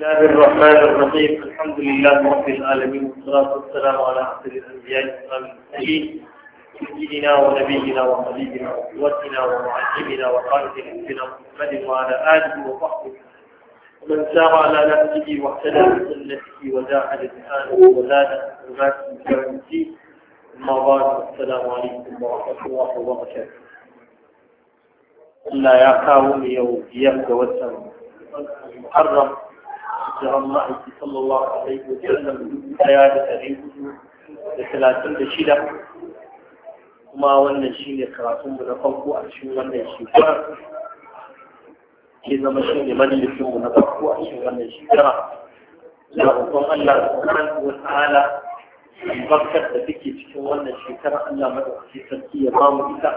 الله الرحمن الرحيم الحمد لله رب العالمين والصلاة والسلام على أحسن الأنبياء والمرسلين سيدنا ونبينا وحبيبنا وقوتنا ومعلمنا وقائد ربنا محمد وعلى آله وصحبه ومن سار على نفسه واهتدى بسنته وجاهد بحاله وزاد حرماته يوم أما بعد السلام عليكم ورحمة الله وبركاته الله يا قوم يوم يبدأ السلام المحرم hijiran ma'aiki sallallahu alaihi wa sallam dubu daya da ɗari hudu da talatin da shida kuma wannan shi ne karatunmu na farko a cikin wannan shekara ke zama shi ne majalisinmu na farko a cikin wannan shekara da roƙon Allah subhanahu wa ta'ala albarkar da take cikin wannan shekara Allah madaukaki sarki ya ba mu ita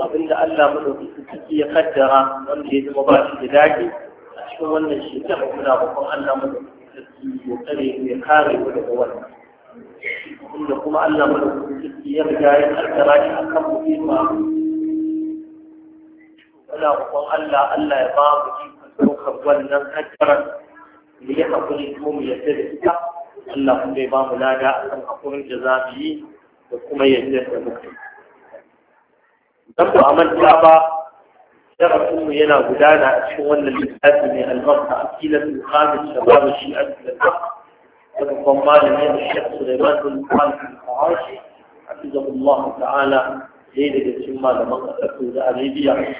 abinda Allah madaukaki sarki ya kaddara wanda ya zama ba shi da dage a cikin wannan shekara kuna bakon Allah mu ya kare ne kare mu daga wannan inda kuma Allah mu ya riga ya karkara shi akan mu ima kuna bakon Allah Allah ya ba mu ikon ɗaukar wannan hajjaran da ya haƙuri kuma mu yadda da ita Allah kuma ya ba mu lada akan haƙurin da za mu yi da kuma yadda da muka yi. Dan ba a manta ba يرى أم هنا غدانا شوال للأدمي المرأة أكيلة الخامس شباب الشيء أكيلة فتطمان من الشيخ سليمان بن المعاشي حفظه الله تعالى ليلة يتم على مقطع سوداء ليبيا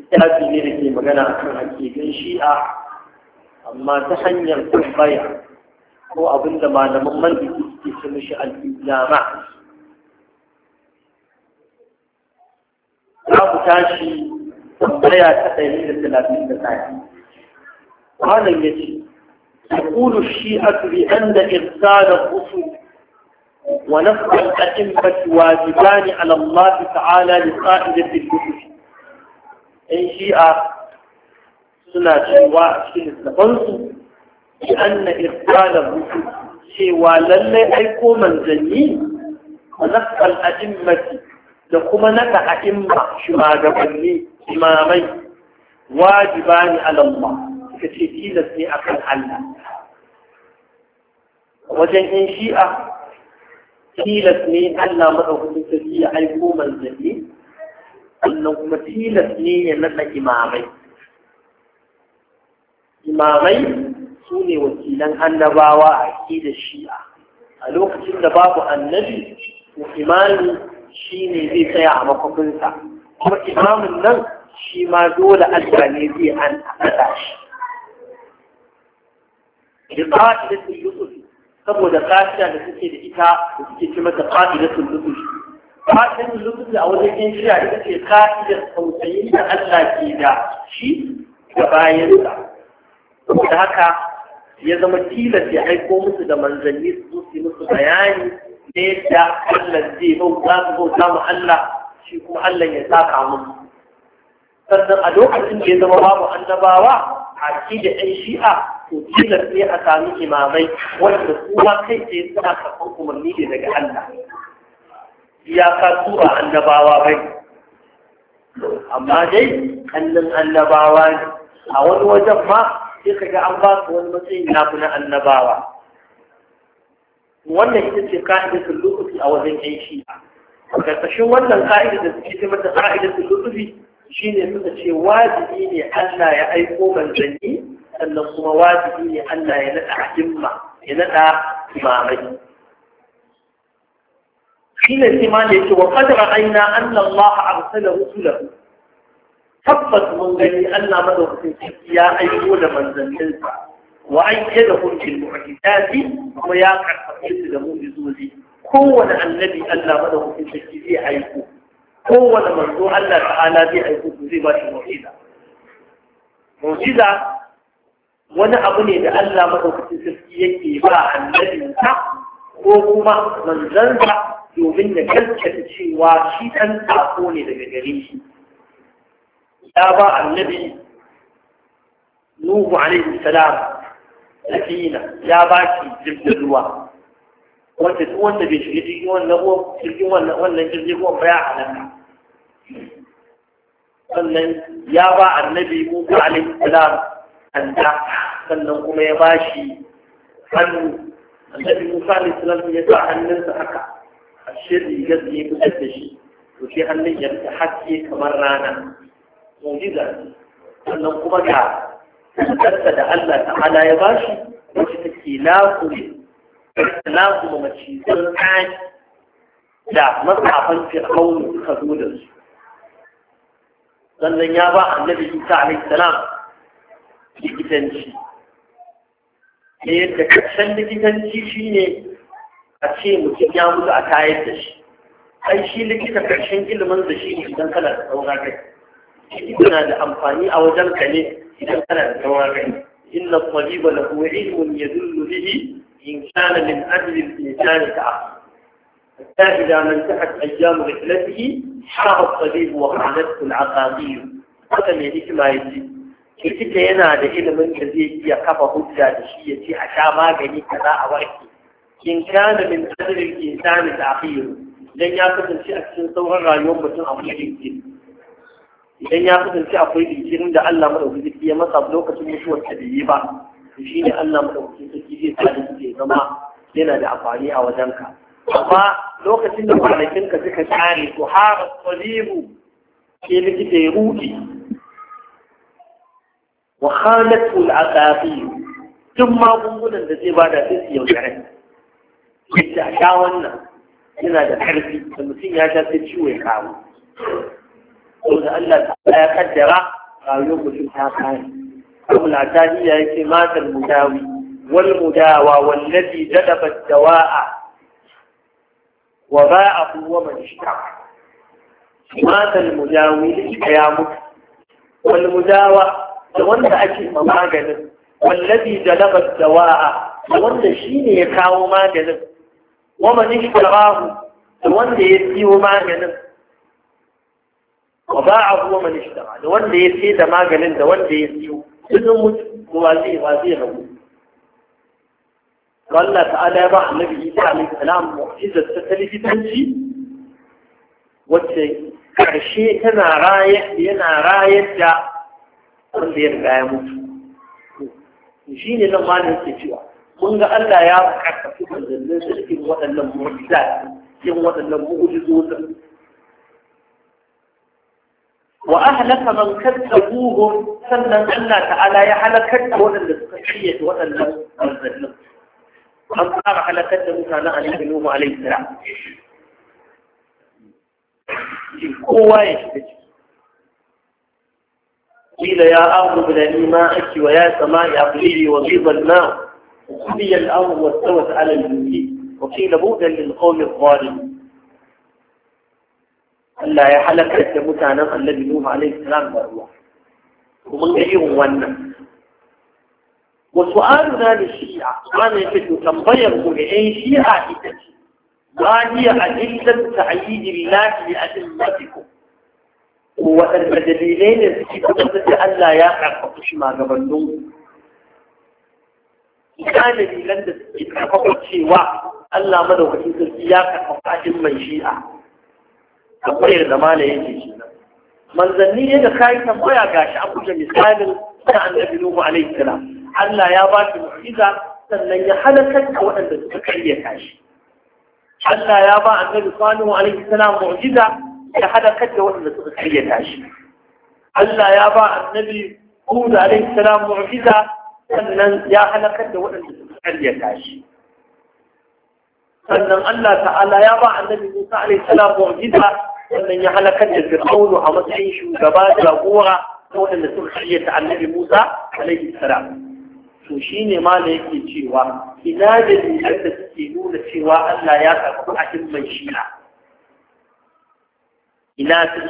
استعدت ليلة في مكان أكون حكيك إن شيء أما تحني القبيع هو أبن ما لم من بكتب في سمشة الإسلامات mu tashi يقول الشيعة بأن إرسال الرسل ونفق الأئمة واجبان على الله تعالى لقائدة الرسل. أي شيعة سنة شواء شيء بأن إرسال الرسل شواء للي أيكو جنين ونفق الأئمة da kuma naɗa a imma shugabanni imamai wajiba ne alamma suka ce tilas ne a kan Allah wajen in shi'a tilas ne Allah maɗaukakin sarki ya aiko manzanni sannan kuma tilas ne ya naɗa imamai imamai su ne wakilan annabawa a da shi'a a lokacin da babu annabi ko imani shi ne zai tsaya a makwafinsa kuma imamin nan shi ma dole Allah ne zai an haɗa shi da ƙa'idatul yusuf saboda kafiya da suke da ita da suke ce mata ƙa'idatul yusuf ƙa'idatul a wajen yan shiya ita ce ƙa'idar tausayin da Allah ke da shi da bayansa da haka ya zama tilas ya aiko musu da manzanni su su musu bayani da yadda Allah zai bauta su bauta mu Allah shi kuma Allah ya saka mu sannan a lokacin da ya zama babu annabawa a ci da ɗan shi'a to kila ne a sami imamai wanda kuma kai tsaye suna karɓar umarni ne daga Allah Ya iyaka tura annabawa bai amma dai kallon annabawa ne a wani wajen ma sai ka ga an ba su wani matsayin nafi na annabawa wannan ita ce ka'idatul lutufi a wajen yan shi'a karkashin wannan ka'ida da suke ce mata ka'idatul lutufi shine suka ce wajibi ne Allah ya aiko manzanni sannan kuma wajibi ne Allah ya nada himma ya nada imamai shine sai ma ne ce wa qad aina anna Allah arsala rusulahu tabbas mun gani Allah madaukakin ya aiko da manzanninsa وأيدهم بالمعجزات ويقع تقيس دمو بزوزي كون النبي ألا مده في تشكيله عيكو كون مرضو ألا تعالى بي عيكو زي باشي معجزة معجزة وانا أبني ده ألا مده في تشكيله يباع النبي ko kuma manzansa domin ya kalkata cewa shi ɗan tako ne daga gare shi ya ba annabi nuhu alaihi salam safina ya ba shi jirgin ruwa wanda duk wanda bai shiga jirgin wannan ruwan jirgin wannan wannan jirgin ruwan ba ya halaka sannan ya ba annabi Musa alaihi salam sanda sannan kuma ya ba shi hannu annabi Musa alaihi salam ya sa hannunsa haka a shirri gaske ya fitar da shi to sai hannun ya fita haske kamar rana mu'jiza sannan kuma ga karka da Allah ta'ala ya bashi wacce take laƙume mace macizan tsani da matsafan fir'aunu suka zo da su sannan ya ba annabi isa alaihi salam likitanci da yadda karshen likitanci shi ne a ce mutum ya mutu a tayar da shi ai shi likita karshen ilimin da shi ne idan kana da saura kai shi na da amfani a wajen ka إذا امتنع الكوامل إن الطبيب له علم يدل به إن كان من أجل الإنسان كأخر حتى إذا ما انتهت أيام رحلته حار الطبيب وحالته العقاقير هذا من ما يجب كيف كان هذا إلى من يزيد يقف هدى بشية أشابا غني كما أوعدت إن كان من أجل الإنسان الأخير لن يأخذ شيء أكثر صورا يوم بطن أمريكي idan ya kasance akwai jinkirin da Allah maɗauki ya masa lokacin mutuwar ta bai yi ba to ne Allah madaukakin sarki zai tsari ya zama yana da amfani a wajenka amma lokacin da kwanakinka suka tsare to har tsalibu ke likita ya ruɗe wa khalatu al-aqabi duk magungunan da zai bada sai su yaudare yadda a sha wannan yana da karfi da mutum ya sha sai ya kawo saboda Allah ta ya kaddara rayuwar mutum ta kare abu na ta iya yake matar mudawi wal mudawa wallazi jadaba dawa'a wa ba'ahu wa man ishtaka matar mudawi ya mutu wal mudawa da wanda ake ma maganin wallazi jalaba dawa'a wanda shine ya kawo maganin wa man ishtarahu da wanda ya siyo maganin wa ba ba'ahu wa man ishtara da wanda ya sai da maganin da wanda ya siyo dukkan mutu ba zai ba zai rabu Allah ta'ala ya ba annabi Isa alaihi salam mu'jizar ta likitanci wacce karshe tana rayar yana rayar da wanda ya riga ya mutu shi ne nan malin ke cewa mun ga Allah ya karfafi manzannin su cikin waɗannan mu'jiza cikin waɗannan mu'jizozin وأهلك من كذبوهم سنن أن تعالى يحلكت وأن السكية وأن المنزل أن صار كذب موسى عليه نوح عليه السلام هو قيل يا أرض بلني ماءك ويا سماء أقليلي وغيظ الماء وقضي الأمر واستوت على الجود وقيل بؤدا للقوم الظالمين الله يحلق حتى متانا الذي نوح عليه السلام بأرواح ومن غيره وانا وسؤالنا للشيعة أنا يفتح تنبيره أي شيعة إذا ما هي أدلة تعييد الله لأدلتكم قوة المدلين في قوة ألا يقع قطش ما قبل نوم كان لي لندس إذا قطش واحد ألا مدوك إذا سياقة قطش من شيعة tambayar da mala yake shi nan manzanni ne da kayi tambaya gashi an kuce misalin ta annabi nuhu alaihi salam Allah ya ba shi mu'jiza sannan ya halakar da waɗanda suka karya shi Allah ya ba annabi salihu alaihi salam mu'jiza ya halakar da waɗanda suka karya shi Allah ya ba annabi Hud alaihi salam mu'jiza sannan ya halakar da waɗanda suka karya shi sannan Allah ta'ala ya ba annabi Musa alaihi salam mu'jiza sannan ya halakar da Fir'aunu a matsayin shugaba jagora ta waɗanda suka karyata annabi Musa alaihi salam to shine ma da yake cewa ina da dalilan da suke nuna cewa Allah ya karɓi ahimman shi'a ina su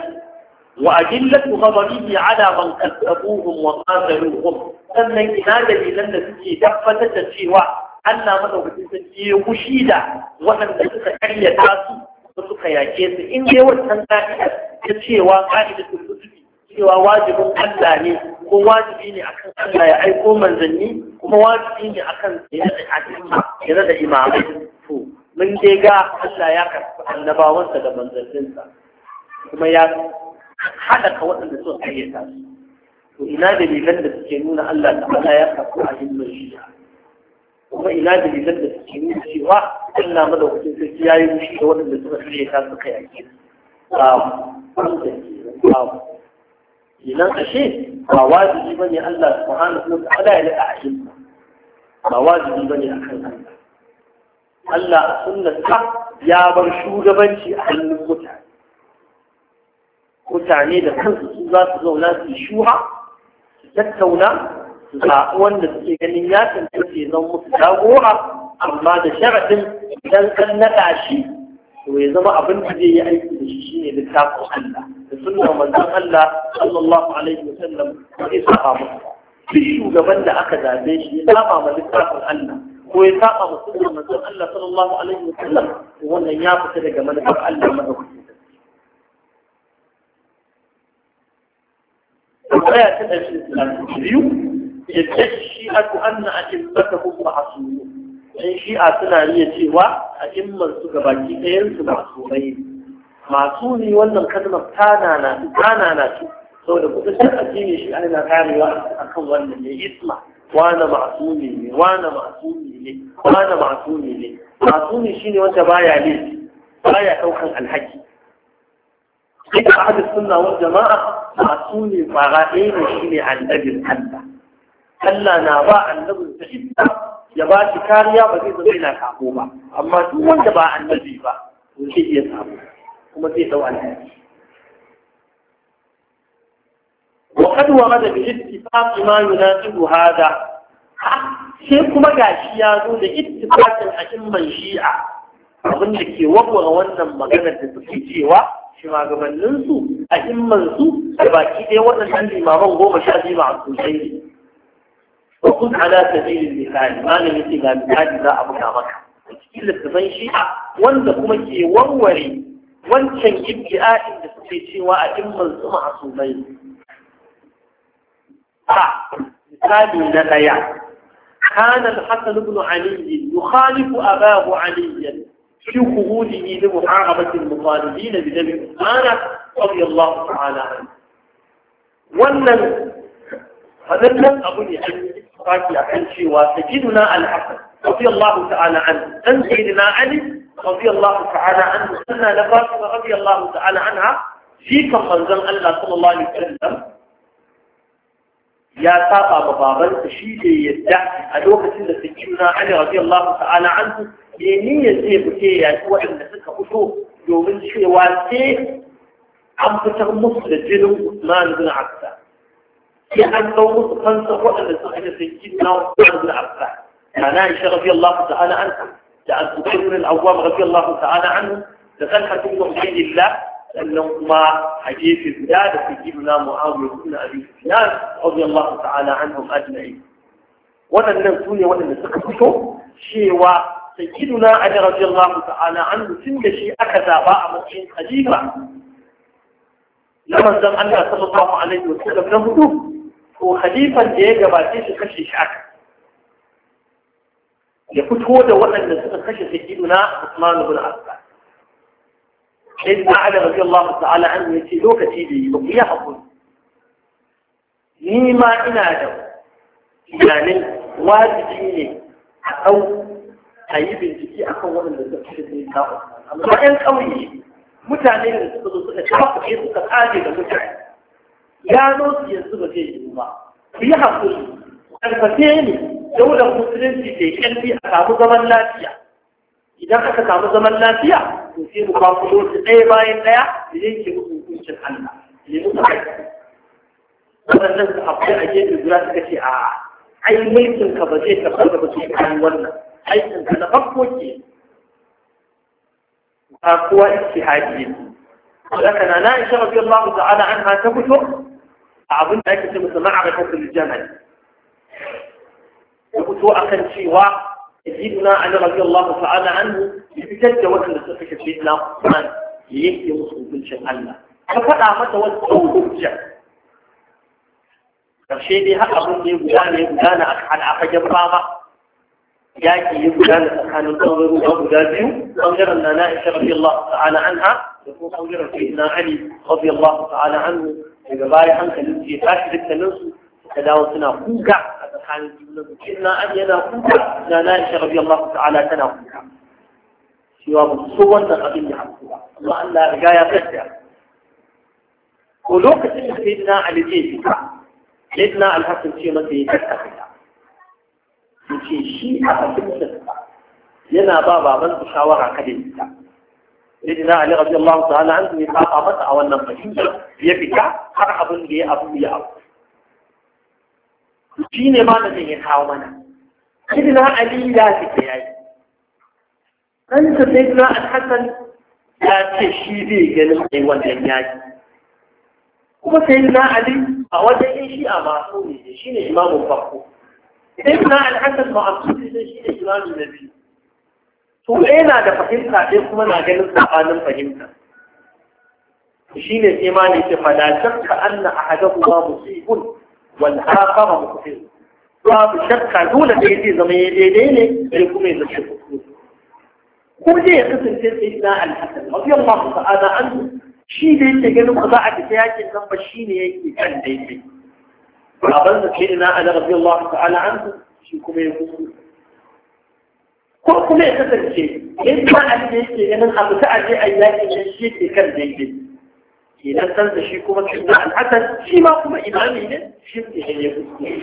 وأدلة غضبه على من كذبوهم وقاتلوهم sannan ina dalilan da suke tabbatar da cewa Allah madaukakin sarki ya kushi da waɗanda suka karya su, da suka yake su in dai wannan ka'idar ta cewa ka'idatul kutubi cewa wajibin Allah ne ko wajibi ne akan Allah ya aiko manzanni kuma wajibi ne akan ya da imamai to mun dai ga Allah ya karɓi annabawansa da manzanninsa kuma ya haɗaka waɗanda suka karyata su to ina dalilan da suke nuna Allah ta'ala ya karɓi a himmin shi'a kuma ina da lilan da suke nuna cewa mada madaukakin sai ya yi mushi da waɗanda suka shirya ta suka yaki babu idan ashe ba wajibi ba ne Allah subhanahu ta ta'ala yadda a shi ba wajibi ba ne a kan Allah Allah a sunanta ya bar shugabanci a hannun mutane mutane da kansu su za su zauna su shuha su tattauna zaɓi wanda suke ganin ya tantance zan musu jagora amma da sharaɗin idan kan naɗa shi to ya zama abin da zai yi aiki da shi shine littafin Allah da sunan manzon Allah sallallahu alaihi wa wasallam sai saba musu duk shugaban da aka zabe shi ya saba ma littafin Allah ko ya saba ma sunan manzon Allah sallallahu alaihi wa sallam. wannan ya fita daga manufar Allah madaukakin tambaya ta ɗari biyu yadda shi'atu anna a'immatuhum ma'sumun in shi'a suna iya cewa a'immar su gabaki ɗayan su ma'sumai masu ne wannan kalmar tana na tana na su saboda kudin da addini shi ana karewa a kan wannan ne isma wana ma'sumi ne wana ma'sumi ne wana ma'sumi ne ma'sumi shine wanda baya ne baya daukan alhaki duk ahadu sunna wal jama'a ma'sumi fara ɗaya ne shi ne annabin Allah Allah na ba annabin sa iska ya ba shi kariya ba zai zama yana kafo ba amma duk wanda ba annabi ba zai iya samu, kuma zai dau alhaki وقد ورد na ما يناسب هذا sai kuma gashi ya zo da ittifaqin akimman shi'a abin da ke wawwara wannan maganar da suke cewa shugabanninsu a himmansu da baki ɗaya waɗannan limaman goma sha biyu masu sosai فقل على سبيل المثال ما نمثل بهذا اذا أبدا بك إلا تظن شيء وانت كمك ووري وانت شنجب لآئن بسكيتي وأجم من سمع صومين آه، مثال نغيا كان الحسن بن علي يخالف أباه عليا في قبوله لمحاربة المطالبين بنبي عثمان رضي الله تعالى عنه ولن هذا ابو أبني فاكي أكنشي وسجدنا الحسن رضي الله تعالى عنه أن سيدنا علي رضي الله تعالى عنه أن لفاطمة رضي الله تعالى عنها في كم ألا صلى الله عليه وسلم يا ساقا بابا شيء يدعي ألوك سيدنا سيدنا علي رضي الله تعالى عنه يني يزيب كي يأتوا إن سكا أشوف يومين شيء واسي عم تتغمص لجنو عثمان بن عفان sai an ɗau musu waɗanda suka da sai kin na wani abba ana isha rafi Allah ta'ala da azubai ibn al-awwam rafi Allah ta'ala an da kanka tun ga ubaydillah sannan kuma gefe guda da sayyidina Muawiya ibn Abi Sufyan rafi Allah ta'ala anhum ajma'in waɗannan su ne waɗanda suka fito cewa sayyiduna Ali radiyallahu ta'ala an tun da shi aka zaba a matsayin khalifa na manzon Allah sallallahu alaihi hudu to khalifan da ya gabace shi kashe shi aka ya fito da waɗanda suka kashe sayyiduna Usman ibn Affan sai da Ali radiyallahu ta'ala an yace lokaci da yi ba ku yi hakuri ni ma ina da tunanin wajibi ne a ɗau a yi bincike akan waɗanda suka kashe sayyiduna Usman amma ƴan ƙauye mutane da suka zo suka kafa suka kare da mutane gano su yanzu ba zai yi ba ku yi haƙuri ƙarfafe ne daular musulunci ke ƙarfi a samu zaman lafiya idan aka samu zaman lafiya to sai mu kwakulo su ɗaya bayan ɗaya da ke mutu hukuncin Allah ne musu haƙuri waɗannan su abu a gefe guda suka ce a ai mulkin ka ba zai tafi tabbata ba sai kayan wannan aikin ka na farko ke ba kowa istihadi ne. Wadda kana na isha rabbi Allah ta'ala an ha ta fito abin da ake ce masa ma'arakatul jamal ya fito akan cewa سيدنا علي رضي الله تعالى عنه يتجه وكان لسفك سيدنا عثمان يهدي مسلم كل شيء الله ففقع متى والصوت الجهل karshe dai har abin da ya gudana ya gudana a al'afajen baba yaki ya gudana tsakanin ɓangarorin guda biyu ɓangaren na na'isha rabiyallahu ta'ala anha da kuma ɓangaren sayyidina ali rabiyallahu ta'ala anhu daga baya hankalin su ya tashi dukkanin su suka dawo suna kuka a tsakanin junansu inna an yana kuka na na isha rabi Allah ta'ala tana kuka cewa ba su so wannan abin ya haku ba amma Allah ya riga ya fadda ko lokacin da sai na Ali zai fita sai na al ce masa ya tattaka fita ce shi a cikin sa yana ba baban shawara kada ya fita sayyidina ali radiyallahu ta'ala an ya a mata a wannan fahimta ya fita har abin da ya abu ya abu shi ne da ya kawo mana sayyidina ali ya fita yayi an ta na al-hasan ya ce shi zai ganin ai wannan yaki kuma na ali a wajen yin a masu ne shi ne imamun farko na al-hasan ma'asuri ne shi ne imamun nabi to ɗaya na da fahimta ɗaya kuma na ganin saɓanin fahimta shi ne sai ma ne ce fala shakka anna ahadahu ma musibun wal akhara mukhtir babu shakka dole da zai zama ya daidai ne sai kuma ya zama kuskure ko dai ya kasance sai na al-hasan radiyallahu ta'ala anhu shi da yake ganin ba za a tafi yakin nan ba shi ne yake kan daidai baban sa sai na ali radiyallahu ta'ala anhu shi kuma ya kuskure ko kuma ya kasance in ma an da yake ganin abu ta aje a yaki da shi ke kan daidai idan san da shi kuma cikin al'adar shi ma kuma imami ne shi ne ya yi kuskure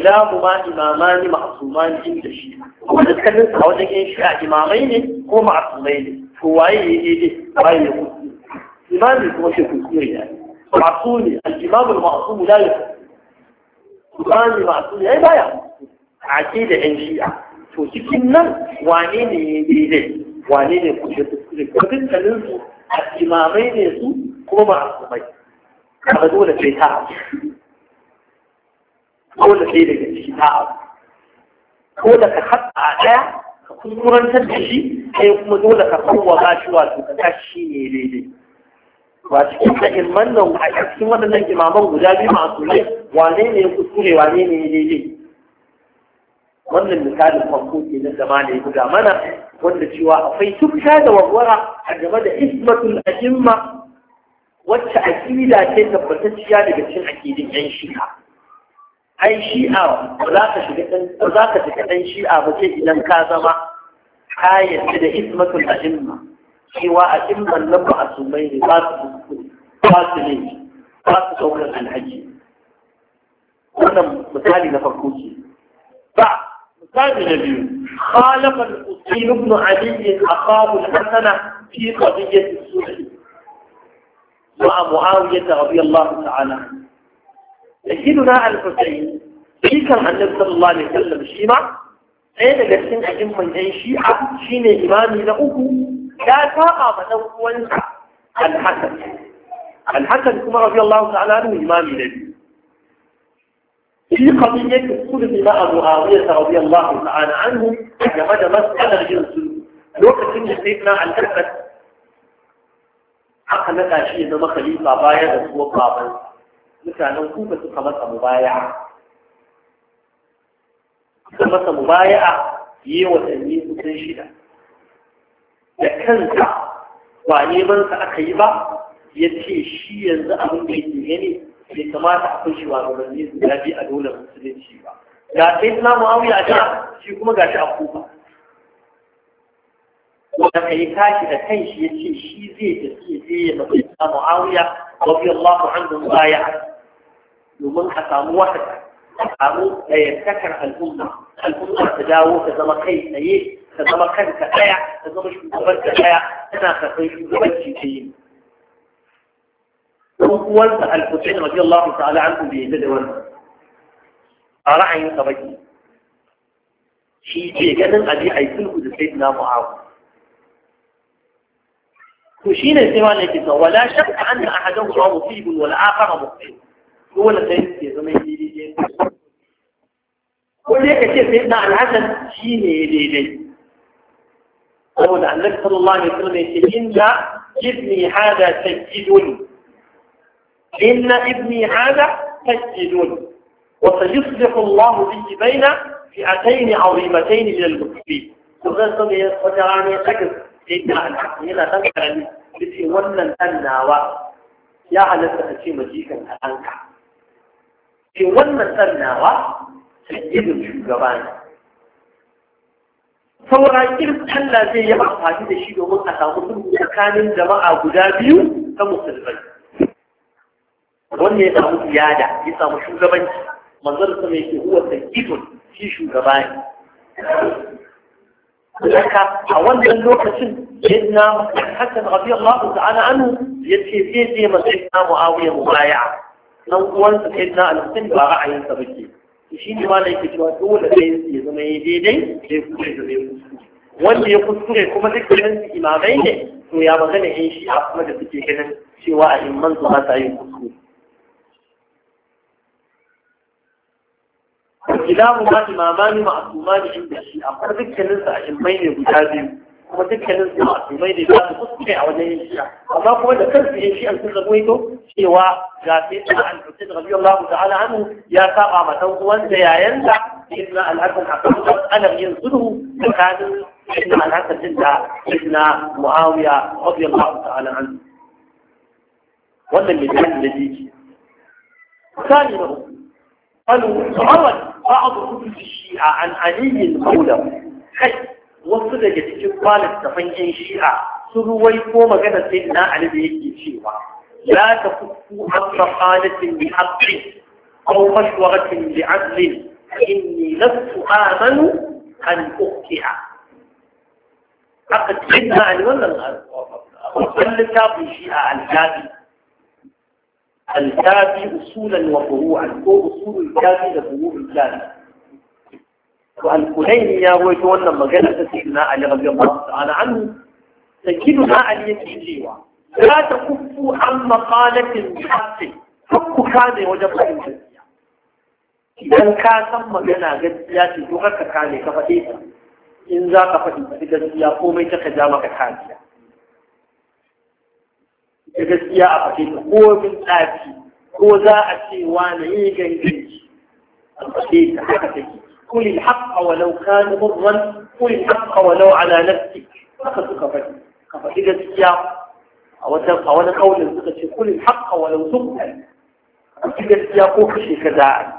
ilahu ma imamani ma'asumani inda shi kuma dukkanin a wajen yin shi a imamai ne ko ma'asumai ne to waye ya daidai waye ya kuskure imami kuma shi kuskure ya yi ma'asumi al-imamu al-ma'asumu la ya kuskure imami ma'asumi ya yi baya kuskure ake da yan shi'a to cikin nan wane ne ya daidai wane ne kushe kuskure ko dukkanin su a imamai ne su kuma ba a kumai da dole sai ta dole sai daga ciki ta ko da ka haɗa a ɗaya ka kuskurantar da shi sai kuma dole ka kowa ba shi wato ka tashi ne daidai ba cikin da ilman nan a cikin waɗannan imaman guda biyu masu ne wane ne ya kuskure wane ne ya daidai wannan misalin farko ke na zamana ya guda mana wanda cewa akwai tukka da warwara a game da ismatul ajimma wacce aƙida ce tabbatacciya daga cin aƙidin yan shi'a ai shi'a ba za ka shiga ɗan ba shi'a ba ce idan ka zama ka yarda da ismatul ajimma cewa a imman nan ba a sumai ne ba su ba su ne ba su ɗaukar alhaji wannan misali na farko ke ba ثامن اليوم خالق الحسين بن علي أخاه الحسن في قضية السنة مع معاوية رضي الله تعالى سيدنا الحسين في كان عن نبي صلى الله عليه وسلم الشيعه أين لسن أجم من أي شيعة شين إمامي له لا تاقى منه الحسن الحسن كما رضي الله تعالى عنه إمامي لديه في قضية كلب مع معاوية رضي الله تعالى عنه لماذا مسألة جنس لوقت إن سيدنا الأسد عقل شيء إنما خليفة بايع هو قابل مثلا أن كوبة تقمت مبايعة تقمت مبايعة هي وتنين متنشدة لكنك وعني من سأخيبه يتشي الشيء الذي أمني يعني لكما تعلم akwai shugabanni ya biyu a dole musulunci ba ga sai na muawiya a sha shi kuma ga shi a kofa. wanda ka yi tashi da kan shi ya ce shi zai tafi zai ya mafi na muawiya wafi Allah anhu baya domin a samu wata a samu al'umma al'umma ta dawo ta zama kai tsaye ta zama kanta ɗaya ta zama shugaban ta ɗaya tana karɓar shugabanci ta yi أول سأل رضي الله تعالى عنه بإذن دوان أرعي طبقي شي جيغانا أدي عيسل قد سيدنا معاوة حسين سيوان لكتنا ولا شك أن أحدا هو مصيب ولا آخر مصيب هو لسيد سيدنا يلي جيد قل لك كيف سيدنا الحسن شيني يلي جيد قول عن نفس الله عليه وسلم يقول إن جبني هذا سجدني إن ابني هذا سجد وسيصلح الله به بين فئتين عظيمتين من المسلمين سبحان الله يا سبحان يا شكر إن الحق هنا تنكرني بسي ونن تناوى يا على تحكي مجيكا أنك في ونن تناوى سيد الشجبان sauran irin Allah zai yi amfani da shi domin a samu sulhu tsakanin jama'a guda biyu ta musulmai wanda ya samu iyada ya samu shugabanci manzon sa mai ke huwa sayyidun shi shugaba ne haka a wannan lokacin yadda hasan radiyallahu Anu, ya ce sai sai masai na muawiya mubaya'a dan uwansa sai na al-husayn ba ra'ayin sa bake shi ne ma da yake cewa dole sai ya zama ya daidai sai kuma ya zama wanda ya kuskure kuma duk ganin imamai ne to ya magana in shi a kuma da suke ganin cewa a imman su ba sa yin kuskure kilamu ma imamani ma'asumani inda shi amma dukkanin su imai ne guda biyu kuma dukkanin su ma'asumai ne za su kuskure a wajen yin shi'a amma kuma da kansu yin shi'a sun zama ito cewa ga sai da al-husayn radiyallahu ta'ala anhu ya saba ma dan uwansa yayan da ibn al-hasan akan alam yin sulhu tsakanin ibn al-hasan din da ibn muawiya radiyallahu ta'ala anhu wannan misali da jiki misali na uku قالوا تعرض بعض كتب الشيعة عن علي المولى خي وصل جديد قال تفنجين الشيعة سروي كوما كان سيدنا علي بيك الشيعة لا تكفوا عن حالة بحق أو مشورة بعدل فإني لست آمن أن أخطئ عقد سيدنا علي ولا الغرب وصل كتاب الشيعة الجابي الكافي اصولا وفروعا ko اصول الكافي da فروع الكافي to al ne ya goyi wannan magana ta sai na ali rabbil allah ta'ala anhu na ali yake cewa la ta kufu an maqalatin kafi hakku ka ne wajen fahimtar gaskiya idan ka san magana gaskiya ce to haka ka ne ka faɗe ta in za ka faɗi gaskiya komai ta ja maka kafiya gaskiya a faɗe ko min tsafi ko za a ce wani yi a haka take قل الحق ولو كان مرا قل الحق ولو على نفسك فقد كفت كفت السياق أو أنا قول قل الحق ولو تقتل كفت السياق وخشي كذا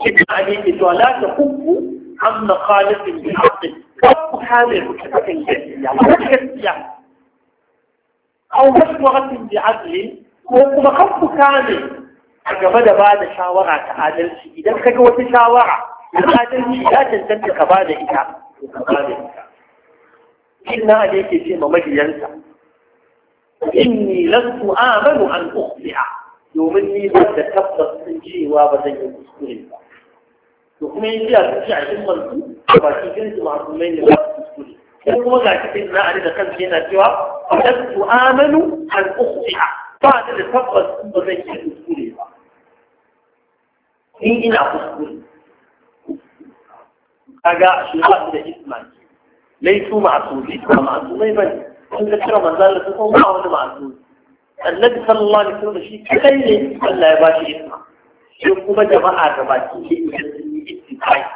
كما أنك لا تحب عن مخالف بالحق حامل كفت السياق أو بس مشورة بعدل وقف كامل أجمع بعد شاورة عادل إذا كجوة شاورة عادل لا تنسى كبار إذا إذا إنا عليك في ممجد ينسى إني لست آمن أن أخلع يومني بعد كبر السنجي وابدأ يمسكني يومني بعد شعر المنطوب وفاتي جنس مع الرمين المنطوب يقول لا تكن معنى كم هنا سوى أن تؤمنوا عن أخوها بعد الفقر الذي يقول لها إن إن أخوكم أجا شلات الإسماء ليسوا معصومين ليسوا معصومين من ذكر من ذا الذي هو معصوم معصوم النبي صلى الله عليه وسلم شيء كثير الله يباشي إسماء يقوم جماعة باشي إسماء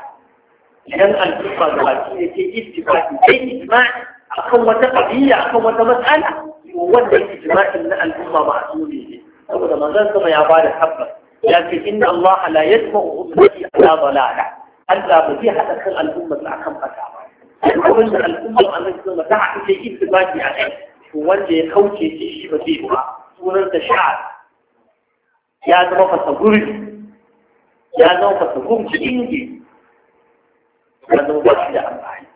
لأن الفقه الغزية في اتباع أي إجماع أقوة قضية أقوة مسألة هو الإجماع أن الأمة معدومة أبدا ما زلت يا بار الحب لكن إن الله لا يسمع أمتي على ضلالة أنت بدي حتى تدخل الأمة مع كم قتابة أقول أن الأمة أن الأمة تعطي في اتباع أمه هو أن يخوتي في شيء بديها سورة الشعر يا نوفة صبري يا نوفة صبري ya zama da amfani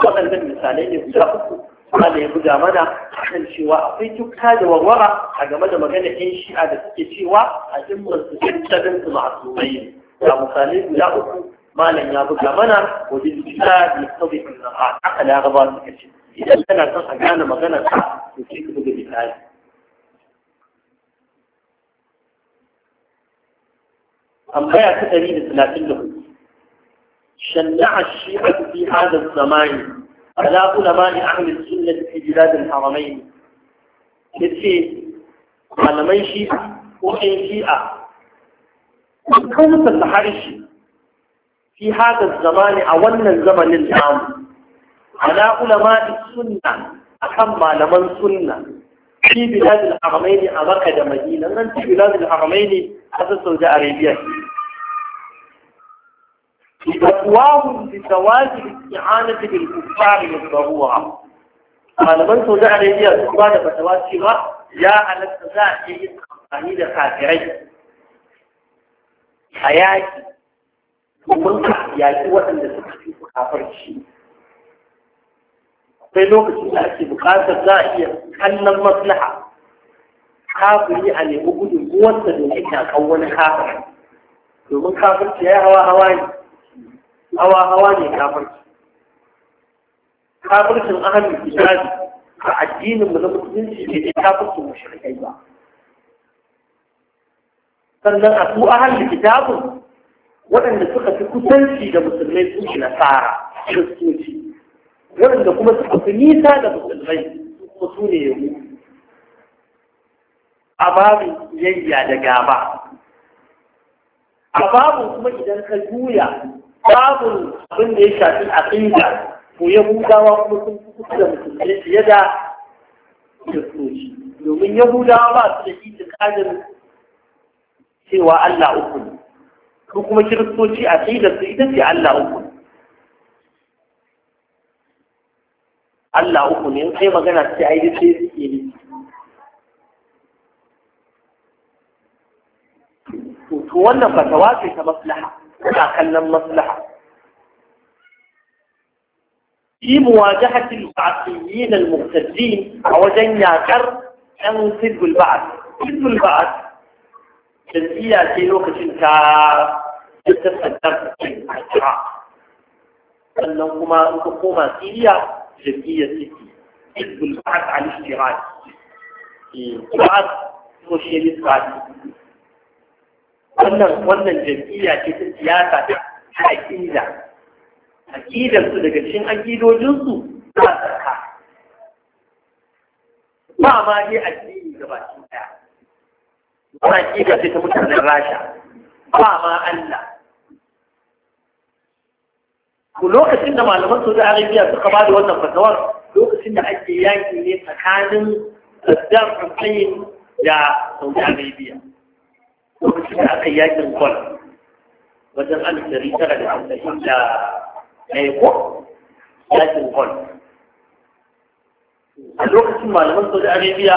waɗannan misalai ne guda uku kuma da ya buga mana kan cewa akwai tukka da warwara a game da magana yan shi'a da suke cewa a imman su tattalin su ma'asumai ne ga misalai guda uku malam ya buga mana wajen bisa da sauƙin ra'a aka laraba suka ce idan kana son a gane magana ka to sai ka buga misali شنع الشيعة في هذا الزمان على علماء أهل السنة في بلاد الحرمين يتشي علماء شيعة وحي شيعة كون الحرش في هذا الزمان أولا الزمن العام على علماء السنة أهم علماء السنة في بلاد الحرمين أمكة مدينة من في بلاد الحرمين حتى السعودية العربية لتقواهم بزواج الاستعانة بالكفار والضروعة قال من تدع لي يا سبحان فتوات شغا يا على التزاع جيد خطانين خافرين حياتي ومن يا قوة أن تسكتين خافر الشيء في لوقت الأسي بقاس الزائية أن المصلحة خافري يعني أن يقود قوة الدنيا كون خافر ومن خافر شيئا هوا هواني هو hawa hawa ne kafirci kafircin ahalin kitabi a addinin mu na musulunci bai dai kafircin mushrikai ba sannan a su ahalin kitabin waɗanda suka fi kusanci da musulmai su ne nasara kiristoci waɗanda kuma suka fi nisa da musulmai kuma su ne yau a babin yayya da gaba a babin kuma idan ka juya babu abin da ya shafi a ƙinga ko budawa kuma sun fi da musulmi fiye da kiristoci domin yahudawa ba su da itikadin cewa Allah uku ne ko kuma kiristoci a da su ita ce Allah uku Allah uku ne in kai magana sai ai da sai suke ne to wannan fatawa ce ta maslaha suna kallon maslaha في مواجهة البعثيين المرتدين وجن ياكر أن سلب البعث سلب البعث جزئية في لوكة تا تتفدر في العراق أنهما الحكومة سيريا جزئية سيتي سلب البعث على الاشتراك البعث سوشياليست wannan wannan jam'iyya ce ta siyasa ta aƙida aƙidar su daga cikin aƙidojin su ba su ka ba ma dai aƙidi ga ki daya ba aƙida ce ta mutanen Rasha ba ma Allah ku lokacin da malaman da arabiya suka ba da wannan fatawar lokacin da ake yaki ne tsakanin Saddam Hussein da Saudi Arabia lokacin da aka yakin kwal wajen alif tara da hamsin da yi ko yakin kwal a lokacin malaman saudi arabia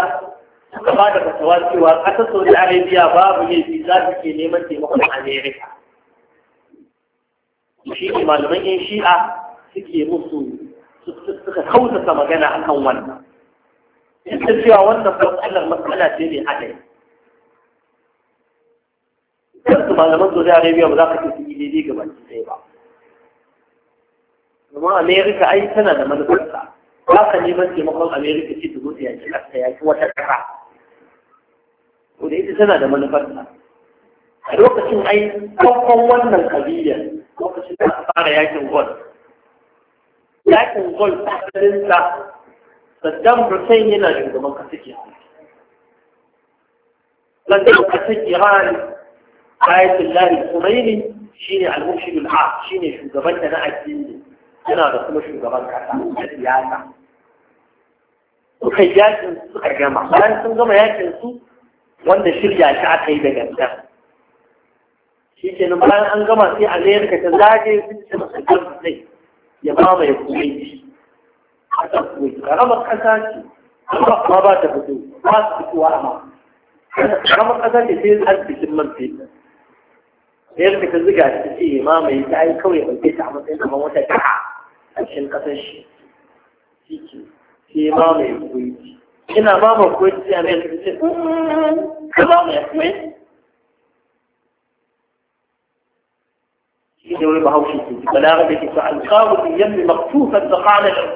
suka ba da fasawa cewa ƙasar saudi arabia babu fi za su ke neman taimakon amerika shi ne malaman yan shi'a suke musu suka kautata magana akan wannan. Ita cewa wannan matsalar matsala ce ne haɗari. su malaman saudi arabia ba za ka tafi yi daidai ga baki ɗaya ba domin america ai tana da manufarsa za ka neman taimakon america ce ta zo ta yaki ƙasa yaki wata ƙasa ko da ita tana da manufarsa a lokacin ai farkon wannan kabilar lokacin da aka fara yakin gol yakin gol asalinsa saddam hussein yana shugaban ƙasa ke saddam ƙasar iran آية الله الخميني شيني على المرشد العاق شيني شو قبلت أنا أجيني أنا رسول شو قبلت أنا أجيني أنا وخيال تنسو أجمع فأنا تنظم يا تنسو وانا شرجع شعر خيبة أنا شيني مبلان أنقمع في عزير كتلاجي وانا سنخدم لي يا ماما أنا خميني حتى خميني غرمت حساسي غرمت ما بات بدو ما تبتو أنا أنا أنا أنا غرمت حساسي فيه أنت بسمن فيه يرمي كزجاج تسيه ما ما يتعي كوي من تسعة مثلا ما متى كحة عشان قفش تيجي تي ما ما يقوي هنا ما ما يقوي تسيه ما يقوي كذا ما يقوي تيجي ولا ما هو شيء تيجي بلا غبي تسعة يم مكتوفة الزقانة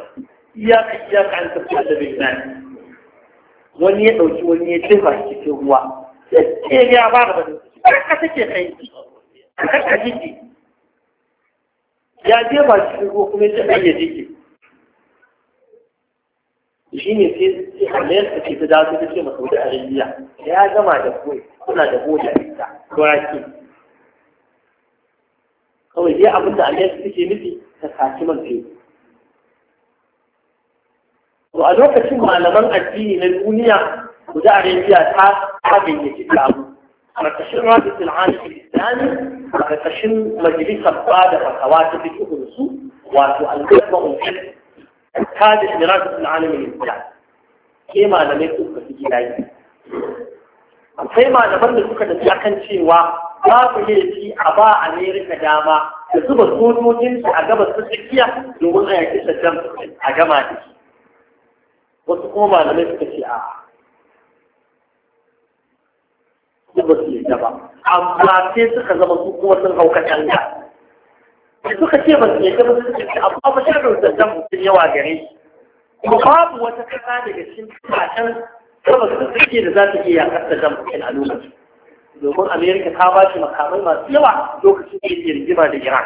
إياك إياك عن تبتدى بالمال وني وني تفرح تسوى تيجي يا بعض بس ما تكفي a kaka jiki ya jefa cikin ruwa kuma ya ɗaya jiki shi ne sai halayyarsa ce ta dawo ta ce masa wata arabiya ya gama da koi kuna da hoda ita turaki kawai dai abin da alayyarsa take nufi ta saci man kai to a lokacin malaman addini na duniya guda arabiya ta ta gayyaci kamu a ƙarƙashin rabitul alim islami karkashin majalisar ba da fatawa ta fi su wato alƙasma umar ta da shirar da suna alamin islam ke malamai su ka fi gida yi akwai malaman da suka tafi akan cewa babu laifi a ba amerika dama da zuba su a gabas ta tsakiya domin a yaki sajjan a gama da shi wasu kuma malamai suka ce a. ba su yadda ba amma sai suka zama su kuma sun hau katanga suka ce ba su yadda ba su ce amma ba shirin zanzan mutum yawa gare shi kuma babu wata kasa daga cikin kasashen sama su suke da za su iya yakar da zamfin a lokacin domin amerika ta ba shi makamai masu yawa lokacin da yake rigima da iran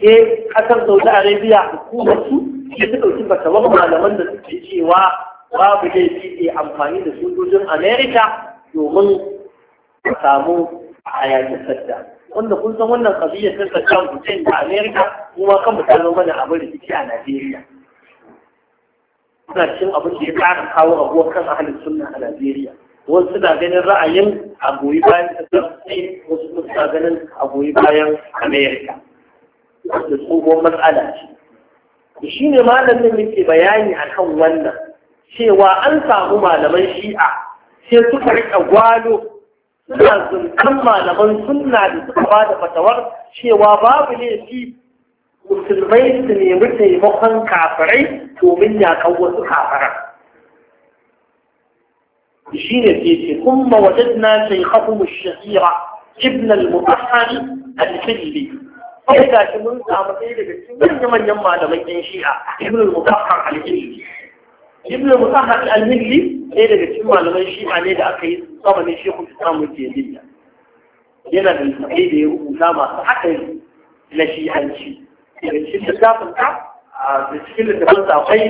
sai kasar saudi arabia hukumar su ke su ɗauki bakawan malaman da suke cewa babu laifi ke amfani da sojojin amerika domin a samu hayakin sadda wanda kun san wannan kabiyar ta saddam hussein da amerika kuma kan mu tano mana abin ke a najeriya suna cin abin da ya kara kawo abuwa kan ahalin sunna a najeriya wasu suna ganin ra'ayin a goyi bayan saddam hussein wasu suna ganin a goyi bayan amerika wanda tsohon matsala ce shi ne malamin yake bayani akan wannan cewa an samu malaman shi'a sai suka rika gwalo suna zuntan malaman sunna da suka ba da fatawar cewa babu ne fi musulmai su nemi taimakon kafirai domin ya kan wasu kafirar. shi ne ke ce na sai haku mu shahira ibn al-mutahhari al-hilli sai ga shi mun samu ɗaya daga cikin manyan malaman yan shi'a ibn al-mutahhar al-hilli ibn mutahhar al-milli ɗaya daga cikin malaman shi'a ne da aka yi sama ne shekul islam mutahhar yana da littattafai da ya rubuta masu haɗari na shi'anci daga cikin littafin ta a cikin littafin sa akwai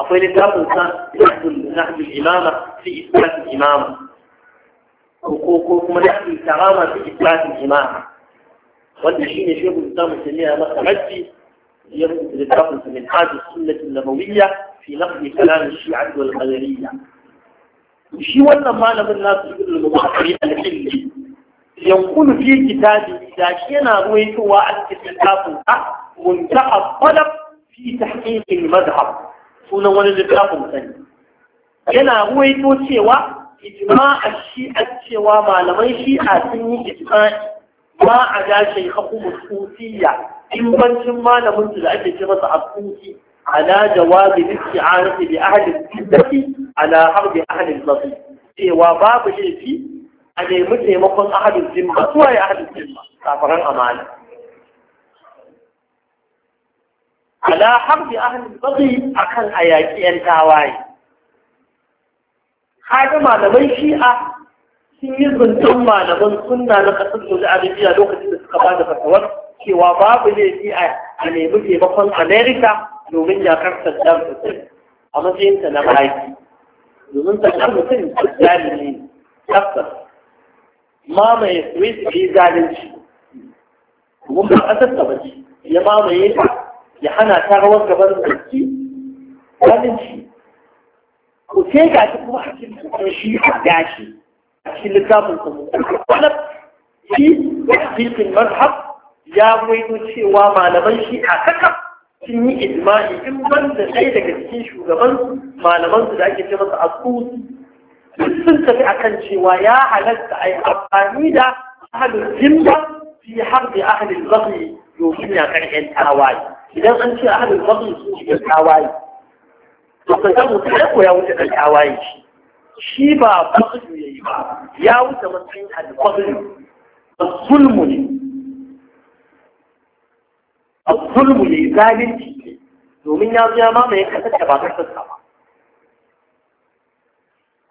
akwai littafin sa nahdul imama fi islatin imama ko ko kuma nahdul karama fi islatin imama wanda shine shekul islam mutahhar masa rajji للدرس من حاج السنة النبوية في نقل كلام الشيعة والغذرية الشيء ولا ما نبنى في كل المطاقرين الحل ينقل في كتاب إذا كنا ويتوا أكتب كتاب الأحب وانتهى الطلب في تحقيق المذهب هنا ولا لكتاب الثاني كنا ويتوا سوى إجماع الشيعة سوى ما لم يشيء أسمي إجماع ما عدا شيخه مصوصية in bancin malamin su da ake ce masa hakunci ala jawabi isti'anati bi ahli al-kibbati ala harbi ahli al-basri cewa babu laifi a nemi taimakon ahli al-zimma suwaye ahli al-zimma kafaran amana ala harbi ahli al-basri akan ayaki yan tawaye kaga malamai shi'a sun yi zuntun malaman sunna na kasar Saudi Arabia lokacin da suka ba da fatawar cewa babu laifi a nemi taimakon Amerika domin yakar Saddam Hussein a matsayinta na mahaifi. Domin Saddam Hussein zalimi ne, tabbas. Mamaye Swiss bai zalunci. Domin ba ƙasar ta bace, ya mamaye ta, ya hana ta rawar gaban sarki zalunci. Ko sai ga shi kuma a cikin shi a gashi a cikin littafin sa mu. Shi a cikin mazhab ya kwaito cewa malaman shi a kaka sun yi ijma'i in ban da ɗaya daga cikin shugaban malaman su da ake ce masa asusu sun tafi akan cewa ya halatta a yi amfani da ahalin jimba fi harbi ahalin zafi domin ya kan yan tawaye idan an ce ahalin zafi sun ci yan tawaye to ka ga mutum ya wuce ɗan tawaye shi shi ba ba ya yi ba ya wuce matsayin alfahari zulmu ne zulmu ne zalunci ne domin ya zuya ma mai kasar da ba ta sassa ba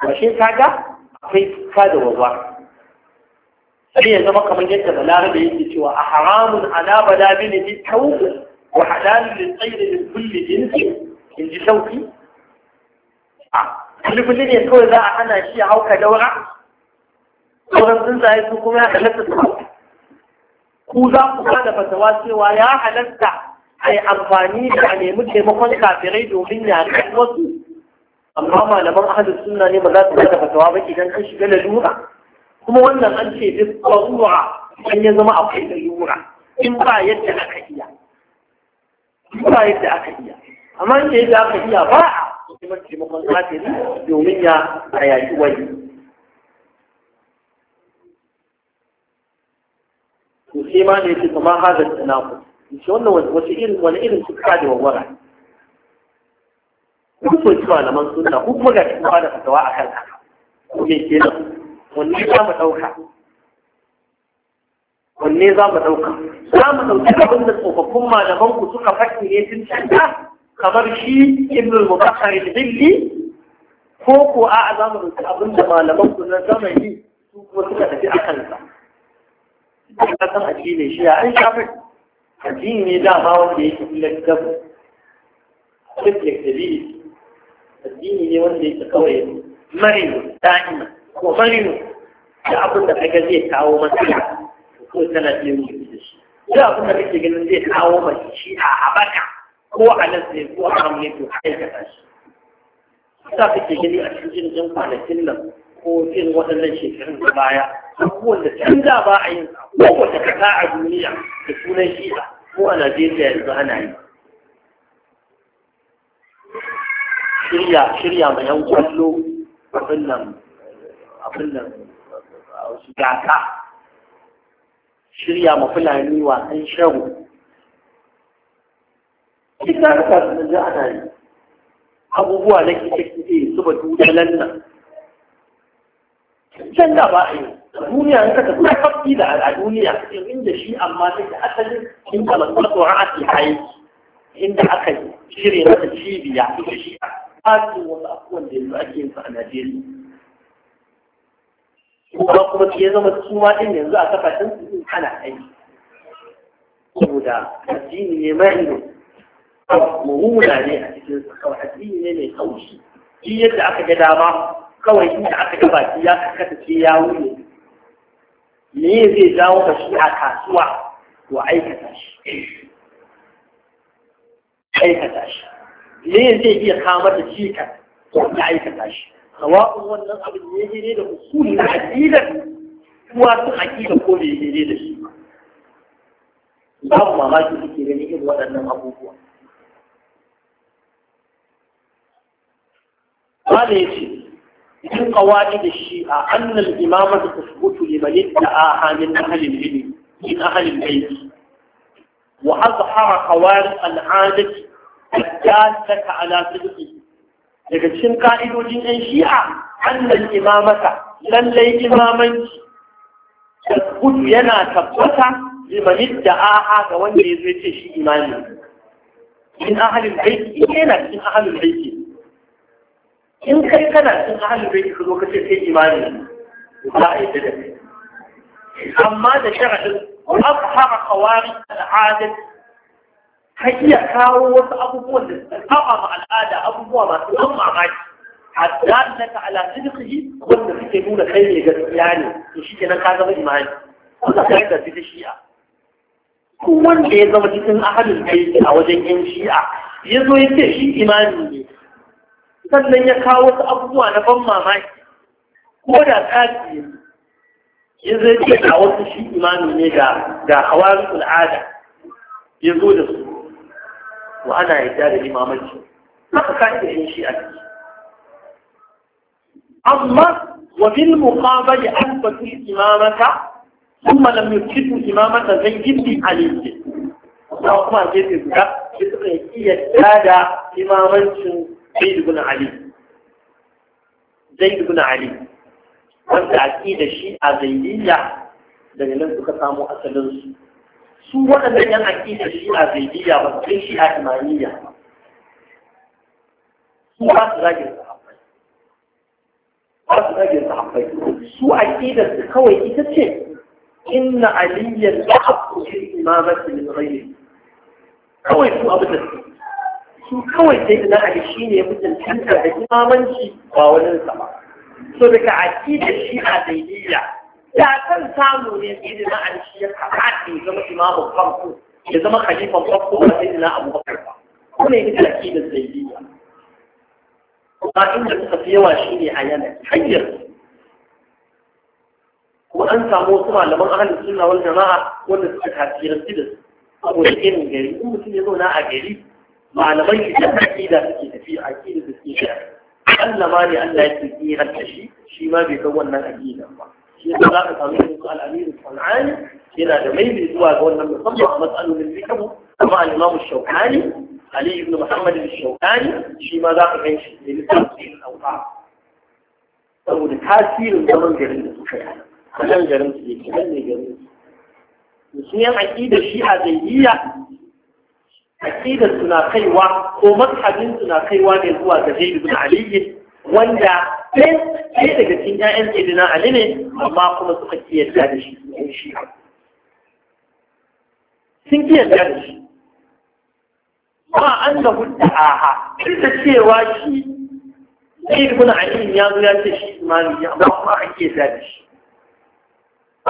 washe kaga akwai kuka da wawa sai ya zama kamar yadda balarabe yake cewa a haramun ala balabini bi tauku, wa halalun da tsayin da kulli jinsi in ji sauki a kulli ne kawai za a hana shi a hauka daura sauran tsuntsaye su kuma ya halatta su ku za ku ba da fatawa cewa ya halatta a yi amfani da a nemi taimakon kafirai domin ya wasu amma malaman ahalin suna ne ba za su ba da fatawa ba idan an shiga lalura kuma wannan an ce duk ƙwarura an ya zama akwai lalura in ba yadda aka iya in ba yadda aka iya amma in yadda aka iya ba a taimakon kafirai domin ya a wani to sai ma ne yake kamar haza tanaku shi wannan wasu irin wani irin su ka da wara ku so ci malaman sunna ku kuma ga kuma da fatawa akan haka ko me nan wanne za mu dauka wanne za mu dauka za mu dauki abin da tsofaffin malaman ku suka faɗi ne tun da kamar shi ibnu al-mubakkar al-hilli ko ko a'a za mu dauki abin da malaman ku na zamani su kuma suka tafi akan sa ta addini shi ya an shafi addini ne dama wanda yake da reflectivity addini ne wanda yake kawai marino da'ima ko marino da abin da kaga zai kawo matsala ko tana da mutu da shi da abin da kake ganin zai kawo mace shi a habaka ko a nan sai ko a ramle to aikata shi sa kake gani a cikin jin kwanakin nan ko irin waɗannan shekarun da baya abubuwan da canza ba a yin kowace kasa a duniya da sunan shi'a ko a najeriya yanzu ana yi shirya shirya mai yan kwallo abin nan abin nan su gaka shirya ma fulani wasan shago duk da ana yi abubuwa na kike kike ba dutalan nan can da ba a yi duniya in ka tafi na kafi da a duniya inda shi amma ke asalin inda masu tsoron ake aiki inda aka yi shirya mata cibiya ita shi a tsarin wasu abubuwan da yanzu ake yin su a Najeriya. Kuma kuma ke zama su ma ɗin yanzu a kafashin su ana aiki. Saboda addini ne ma'ino, mummuna ne a cikin su kawai addini ne mai kaushi. Shi yadda aka ga dama kawai da aka ga baki ya karkata ce ya wuce me zai jawo ka shi a kasuwa to aikata shi aikata shi me zai iya kamar da shi ka to ya aikata shi sawa'un wannan abin ne ne da usuli na aqidar kuwa sun aqida ko bai ne da shi ba babu mamaki da ke ganin irin waɗannan abubuwa Ba ya ce, من قواعد الشيعة أن الإمامة تثبت لمن ادعى من أهل العلم من أهل البيت وأظهر قواعد العادة الجادة على صدقه لكن شن قائد الدين الشيعة أن الإمامة لن لي إماما تثبت لنا تبتة لمن ادعى هذا وان يزيد شيء إيماني من أهل البيت إيه من أهل البيت in kai kana cin ahalin ka zo ka ce kai imani za a yi da kai amma da sharaɗin afhara kawari al'adar ka iya kawo wasu abubuwan da suka kawo ma al'ada abubuwa masu ban mamaki hatta na ka ala sidqihi wanda suke nuna kai ne gaskiya ne to shi kenan ka zama imani wanda kai da ta shi'a Kuma wanda ya zama cikin ahalin kai a wajen yan shi'a ya zo ya ce shi imani ne sannan ya kawo wasu abubuwa na ban mamaki ko da tsaki ya zai ce ga wasu shi imanu ne ga ga hawari al'ada ya zo da su wa ana yadda da imamanci haka ka da yin shi a ciki amma wa bil muqabali asbatu imamata kuma lam yukitu imamata gindi alayhi Allah kuma zai ce ga shi suka iya da imamancin زيد بن علي زيد بن علي wanda aƙida shi a zaidiyya daga nan suka samo asalinsu su waɗannan yan aƙida shi a zaidiyya ba su shi a imaniya su ba su zagin sahabbai ba su zagin sahabbai su aƙida su kawai ita ce inna aliyyar da haƙƙo shi imamati min ghairi kawai su abin da su su kawai sai na ali shi ne mutum tantar da imamanci ba wani sama so daga aƙidar shi a daidaiya da kan samu ne sai na ali shi ya kafa ya zama imamun farko ya zama khalifan farko a sai na abubakar ba kuma ne Aki da daidaiya ba inda suka fi yawa shi ne a yanayi hanyar kuma an samu wasu malaman ahalin sunna wal jama'a wanda suka tasirantu da su saboda irin gari in mutum ya zauna a gari معنى ما يجب أن في عقيدة الإسلام أن ما لأن لا يتجيه الأشي شيء ما بيكون من أجيه الله شيء لا أطلق أن يقول الصنعان هنا جميل إذواء قول لم يصبح مسأل من ذكره مع الإمام الشوحاني علي بن محمد الشوحاني شيء ما داخل عن شيء للتأثير الأوضاع فهو لتأثير الزمن جريمة فهل جريمة جريمة جريمة نسيان عقيدة شيء هذه هي aqidar suna kaiwa ko mazhabin suna kaiwa ne zuwa ga Zaid ibn Ali wanda ɗaya daga cikin ƴaƴan Sayyidina Ali ne amma kuma suka kiyarda da shi sun shi sun kiyarda da shi ba an da hudda aha duk da cewa shi Zaid ibn Ali ya zo ya ce shi imami amma kuma an kiyarda da shi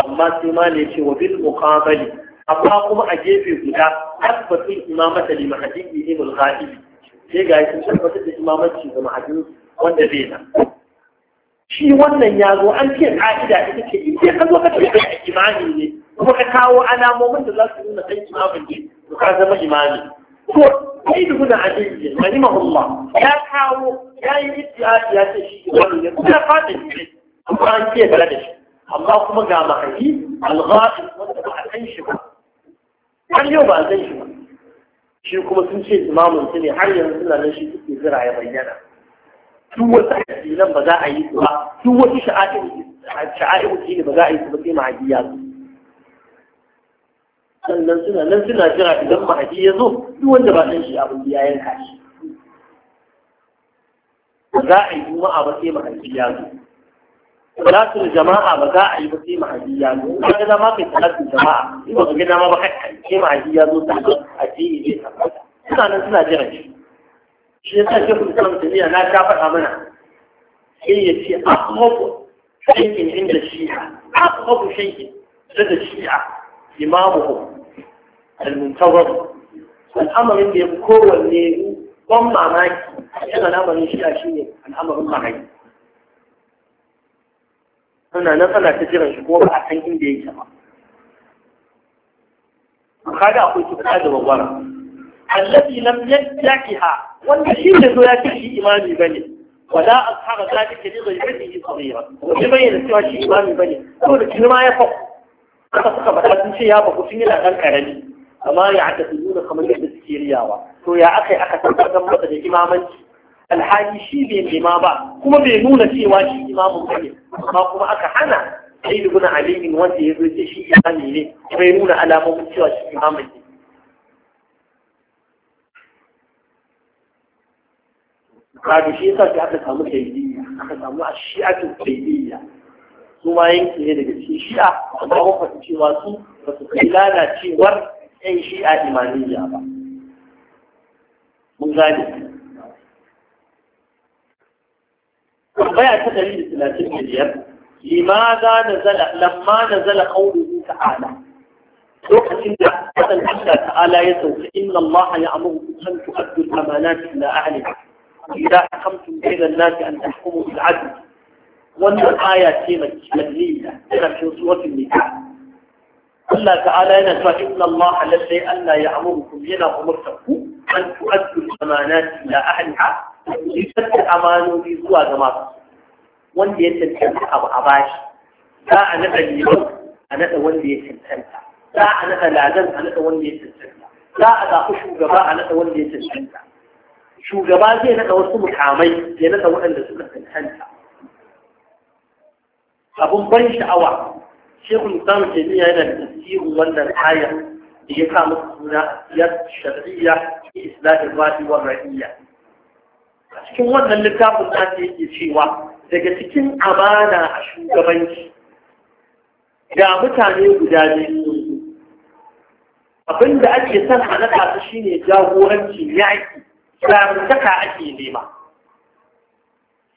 amma sai ma ne ce wa bil muqabali amma kuma a gefe guda tabbatun imamata li mahadin ibn al-ghaibi sai ga sun tabbatar da imamanci ga mahadin wanda zai na shi wannan ya zo an ce ka'ida ita ce in sai ka zo ka ce kai imami ne kuma ka kawo alamomin da za su nuna kai imamin ne to ka zama imami to kai da guda adin rahimahullah ya kawo ya yi ittihadi ya ce shi wani ne kuma ya fada shi amma an ce kala da shi amma kuma ga mahadi al-ghaib wanda ba a san shi ba har yau ba a san shi ba shi kuma sun ce imamun su ne har yanzu suna nan shi suke jira ya bayyana su wasu nan ba za a yi su ba duk wasu sha'a'ir ne ba za a yi su ba sai mahadiya su sannan suna nan suna jira idan mahadi ya zo duk wanda ba san shi abin ya yanka shi ba za a yi juma'a ba sai mahadi ya zo salatul jama'a ba za a yi ba sai mahadiya zo ka ga dama kai salatul jama'a in ba ka ga dama ba kai sai mahadiya zo ta a ji ne tabbata suna nan suna jira shi shi yasa shi kun san tafiya na ta faɗa mana sai ya ce akhabu shay'in inda shi'a akhabu shay'in daga shi'a imamuhum al-muntazar al'amarin da ya fi kowanne ban mamaki yana al'amarin shi'a ne al'amarin mahaifi ana nan ana ta jiran shi ko ba a san inda yake ba kaga akwai cuta da wawara allazi lam yattaqiha wanda shi ne zo ya ce shi imami bane wala ashara zalika li ghayrihi sabira wani bayyana cewa shi imami bane to da ma ya fa aka suka bada sun ce ya ba ku sun yana dan karami amma ya aka tunu da kamar yadda suke riyawa to ya akai aka tabbatar masa da imamanci Alhaji shi bai nema ba kuma bai nuna cewa shi imamun bane amma kuma aka hana sai da guna alimin wanda ya zoce ce shi imami ne bai nuna alamomin cewa shi imamun ne Kadu shi yasa shi aka samu taidiyya aka samu a shi'atu taidiyya su ma yanki ne daga cikin shi'a amma mun faɗi cewa su ba su kai lalacewar 'yan shi'a imaniya ba mun gane وبيع ثلاثين مليار لماذا نزل لما نزل قوله تعالى روح الحمد تعالى يدعو الله يأمر أن تؤدوا الأمانات إلى أهلها إذا حكمتم بين الناس أن تحكموا بالعدل وأن الآية كانت مدنية في سورة النساء قال تعالى أنا الله الذي ألا يأمركم هنا أمرتكم أن تؤدوا الأمانات إلى أهلها isar da amanoni zuwa ga masu wanda ya cancanta abu a bashi za a naɗa liman a naɗa wanda ya cancanta za a naɗa ladan a naɗa wanda ya cancanta za a zaɓi shugaba a naɗa wanda ya cancanta shugaba zai naɗa wasu mukamai ya naɗa waɗanda suka cancanta abun ban sha'awa shekul samun jami'a yana da tasirin wannan ayar da ya kama suna siyar shar'iyya islahin rafi wa ra'iyya cikin wannan littafin ta ce yake cewa daga cikin amana a shugabanci ga mutane guda biyu abin da ake son a naɗa su ne jagoranci yaƙi jarumtaka ake nema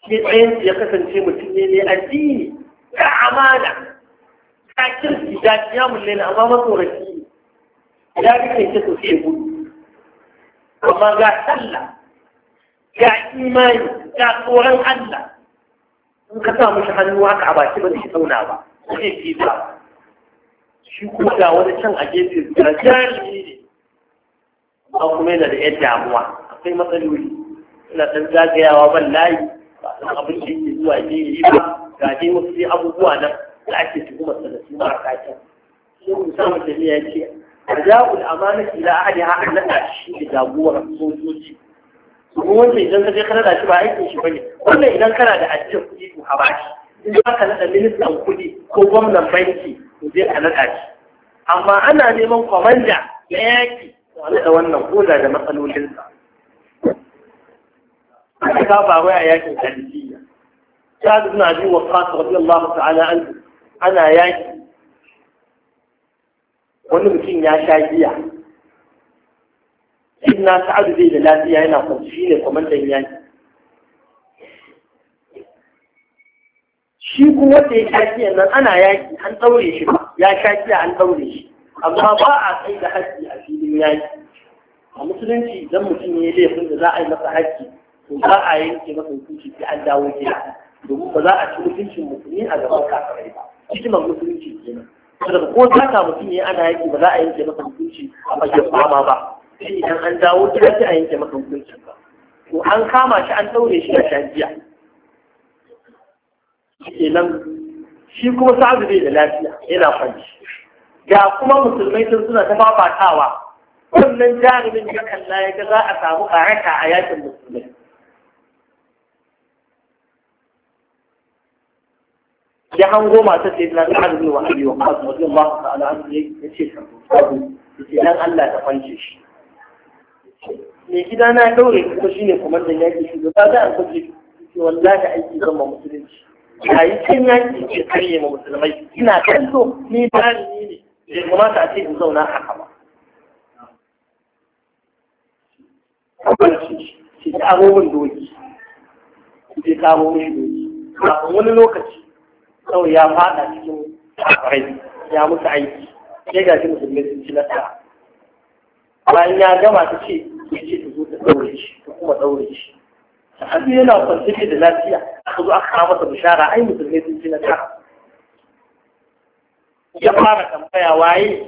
shi tsayin ya kasance mutum ne mai addini ga amana ka kirki da kiyamun na amma ne. ya fi ta sosai gudu amma ga sallah ya imani ya tsoron Allah in ka sa mishi hannu haka a baki ba shi tsauna ba ba zai fi ba shi kuma ga wani can a gefe da jarumi ne ba kuma yana da yan damuwa akwai matsaloli Ina ɗan zagayawa ban layi ba san abin da yake zuwa ne yi ba ga dai wasu dai abubuwa nan da ake tuhumar sa da su ma a kakin sai mu samu jami'a ce a ja'ul amanati ila ahadiha an nada shi da damuwar sojoji domin wanda idan ka je ka nada shi ba aikin shi bane wannan idan kana da ajiyar kuɗi to ka bashi in ba ka nada ministan kuɗi ko gwamnan banki to zai ka nada shi amma ana neman kwamanda na yaƙi wani da wannan koda da matsalolinsa aka kafa wai a yakin khalifiyya sa'ad ibn abi waqqas radiyallahu ta'ala anhu ana yaki, wani mutum ya sha giya sayyidina sa'adu zai da lafiya yana kwanci shi ne kwamandan yaki shi kuma wata ya shaki nan ana yaki an ɗaure shi ba ya shakiya an ɗaure shi amma ba a kai da haƙƙi a filin yaki a musulunci idan mutum ya laifin da za a yi masa haƙƙi to za a yanke masa hukunci sai an dawo gida domin ba za a ci mutuncin musulmi a gaban kafirai ba hikimar musulunci kenan saboda ko zaka mutum ya ana yaki ba za a yanke masa hukunci a fagen fama ba sai idan an dawo gida sai a yanke maka hukuncin ba to an kama shi an ɗaure shi a shajiya nan, shi kuma sa'adu bai da lafiya yana kwanci ga kuma musulmai sun suna ta fafatawa wannan jarumin ya kalla ya ga za a samu karaka a yakin musulmai ya hango masu sai na sa'adu yi wa aliyu wa kasu ba su ta'ala hannu ya ce sabu ya ce dan Allah ta kwance shi mai gida na daure kuma shi ne kwamandan yaƙi shugaba za a kwaje ce wallahi aiki zan ma musulunci a yi can yaƙi ke karye ma musulmai ina kanto ni darimi ne bai kamata a ce in zauna haka ba ce ta abubuwan doki bai kamo mishi doki kafin wani lokaci kawai ya fada cikin kafarai ya musu aiki sai ga shi musulmai sun ci nasara bayan ya gama ta ce ya ce ta zo ta ɗaure shi ta kuma ɗaure shi sahabi yana kwanci da lafiya aka zo aka kawo masa bishara ai musulmi sun ci na ya fara tambaya waye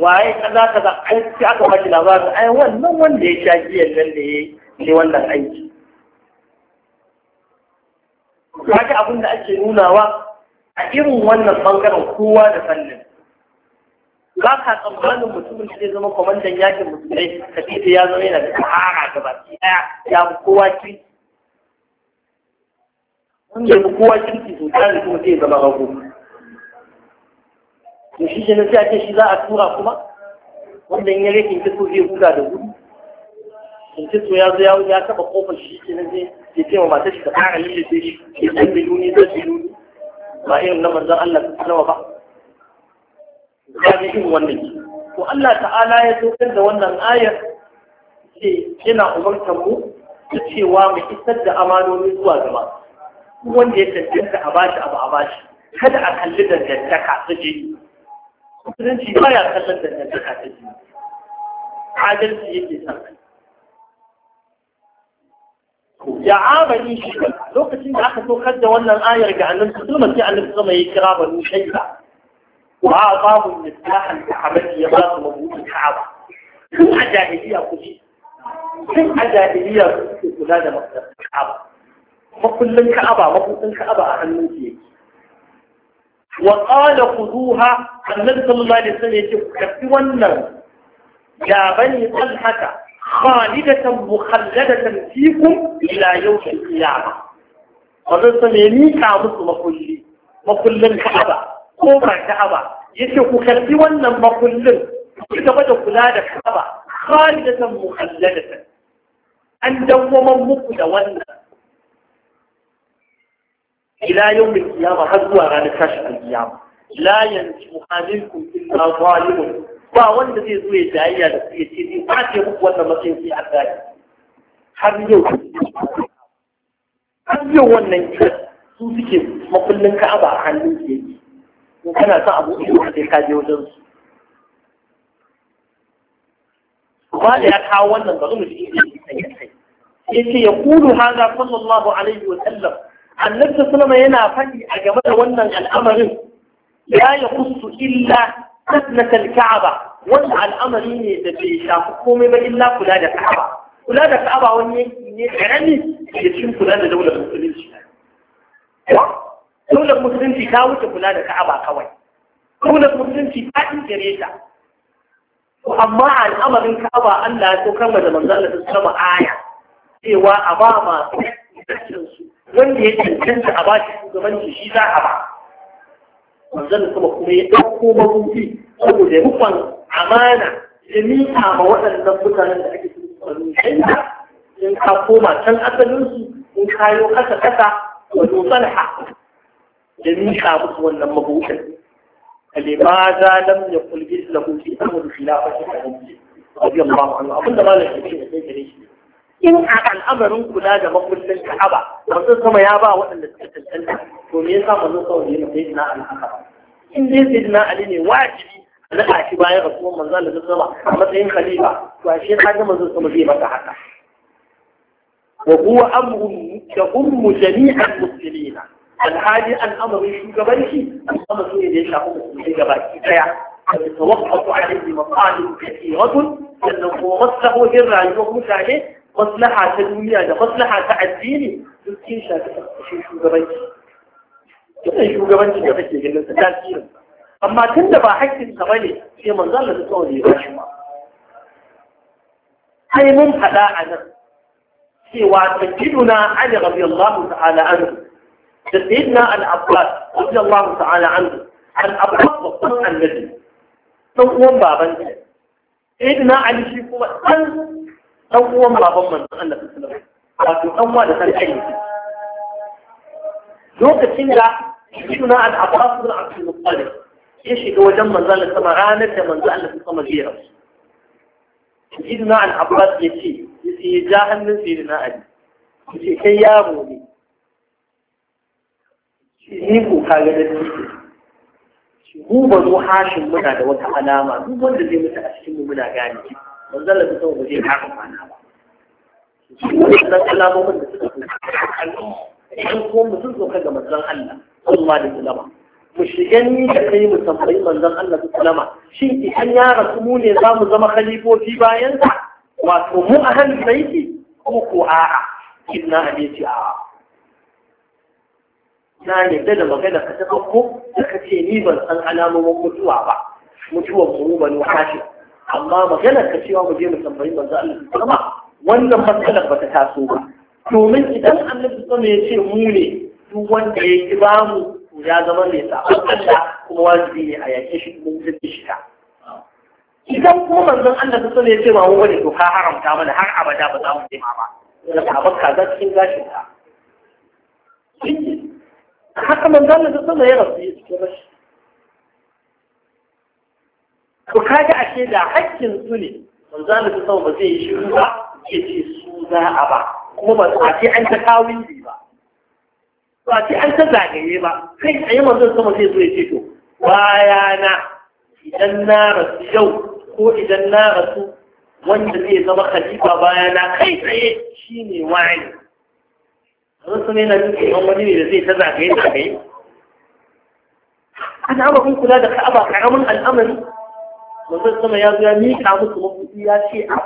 waye kaza kaza ai sai aka baki labarin ai wannan wanda ya sha giyan nan da ya yi wannan aiki kaga abin da ake nunawa a irin wannan bangaren kowa da fannin ba ka tsammanin mutumin da zai zama kwamandan yakin musulmai ka ce ya zama yana da tahara gaba ɗaya ya fi kowa kirki wanda ya fi kowa kirki sosai da kuma zai zama rago to shi kenan sai a ce shi za a tura kuma wanda in yare kin kiso zai huda da gudu in kiso ya zo ya taɓa kofar shi kenan zai ya ce wa matar shi ta ƙara lullufe shi ya da biluni zai biluni ba irin na manzon Allah ta sanawa ba gani irin wannan ke to Allah ta'ala ya dokar da wannan ayar ce yana umartar mu da cewa mu isar da amanoni zuwa gaba wanda ya tantance a bashi abu a bashi kada a kalli dangantaka ta je musulunci ba ya kallon dangantaka ta je adalci yake san ya amani shi lokacin da aka tokar da wannan ayar ga annabi sulman sai annabi zama ya kira banu ba. وأعطاه المفتاح الكعبة هذا الكعبة وقال خذوها النبي صلى الله عليه وسلم يجب يا بني طلحة خالدة مخلدة فيكم إلى يوم القيامة ونزل صلى الله عليه وسلم يميك عمد مقل مقل ko Ka'aba ya ce ku karfi wannan makullin ku gaba da kula da ka'aba khalidatan mukhalladatan an man muku da wannan ila yawmil qiyamah har zuwa ranar tashin qiyamah la yanzu halinkum illa zalimun ba wanda zai zo ya jayya da su ya ce zai kwace muku wannan matsayin sai an gane har yau har yau wannan kira su suke makullin ka'aba a hannun ke yake فلا تعبوا في القادي والجنس وهذا يتحاول من ظلم الإيمان إذن يقول هذا صلى الله عليه وسلم عن نفسه صلى الله عليه وسلم أجمل ونن الأمر لا يخص إلا سفنة الكعبة وضع الأمر الذي شافقه مما إلا فلانة الكعبة فلانة الكعبة وأن يعني يتشم فلانة دولة المسلمين Daular musulunci ta wuce kula da Ka'aba kawai. Daular musulunci ta ingire ta. Amma al'amarin Ka'aba Allah ya tokar da manzon Allah sun sama aya cewa a ba masu su wanda ya cancanta a ba shi shugabanci shi za a ba. Manzon kuma kuma ya ɗauko mabuti saboda rufan amana ya miƙa ma waɗannan mutanen da ake cikin shaida in ka koma can asalinsu in kayo kasa kasa wa ya miƙa musu wannan mabuɗin لماذا لم يقل مثله في أمر خلافة النبي رضي الله عنه أقول ما لك في ذلك in a al'amarin kula da makullin Ka'aba manzo sama ya ba waɗanda suka tantance to me yasa manzo sama ne mai dina al'aka in dai sayyidina Ali ne wajibi a naɗa shi bayan rasuwar manzo Allah sama a matsayin khalifa to a shi ka ga manzo sama zai masa haka wa huwa amrun ya ummu jami'al muslimina alhali al'amarin shugabanci al'amari ne da ya shafi musulmai gabaki daya فتوقف عليه مطالب كثيرة لأنه مصلحه هرع المغمس عليه مصلحة تدوية مصلحة تعديني تلكين شاك شيء شو قبيتي كنا شو قبيتي قبيتي قلنا أما كنا باحكت انتبالي في منظر لتطولي راشما هاي ممحدا عنا سوى تجدنا علي رضي الله تعالى عنه سيدنا الأبطال رضي الله تعالى عنه عن أبطال وطن النبي سوهم بابا سيدنا علي شيكو وطن سوهم بابا من أن لكن سيدنا شيكونا بن عبد المطلب إيش هو جم من ذلك سما غانت من ذلك سما جيرس سيدنا عن أبطال يسي جاهل من سيدنا علي يسي كيابوني shi kuka ga da shi mu ba zo hashin muna da wata alama duk wanda zai mutu a cikin muna gane wanda manzon da sau ba zai kama mana ba shi wannan alamomin da suka in ko mutum zo ga manzon Allah da alaihi wasallam mu shiga ni da kai mu tambayi manzon Allah ta alaihi wasallam shin idan ya rasu mu ne za mu zama khalifofi bayan sa wato mu ahlul baiti ko ko a'a inna hadisi a'a na yadda da magana ka ta ɗauko da ka ce ni ban san alamomin mutuwa ba mutuwan mu wata ce. amma magana ka cewa mu je mu tambayi manzo Allah kuma wannan matsalar ba ta taso ba domin idan Allah sama ya ce mu ne duk wanda ya ki ba mu ya zama mai sabon Allah kuma wajibi ne a yake shi kuma zai shi ta idan kuma manzon Allah ta sama ya ce ma mu wani to ka haramta mana har abada ba za mu je ma ba da ka bakka za cikin gashin ta haka manzon da da ya rasu ya cikin rashi to kaga ashe da haƙƙin su ne manzon da sama ba zai yi shiru ba ke ce su za a ba kuma ba a ce an ta kawin ba ba ce an ta zagaye ba kai a yi manzon sama zai zo ya ce to bayana idan na rasu yau ko idan na rasu wanda zai zama khalifa bayana kai tsaye shine wani wani sun yana jin tsoron wani ne da zai ta zagaye zagaye al'amarin kula da ka'aba karamin al'amari manzon sama ya zo ya miƙa musu mabuɗi ya ce a ah,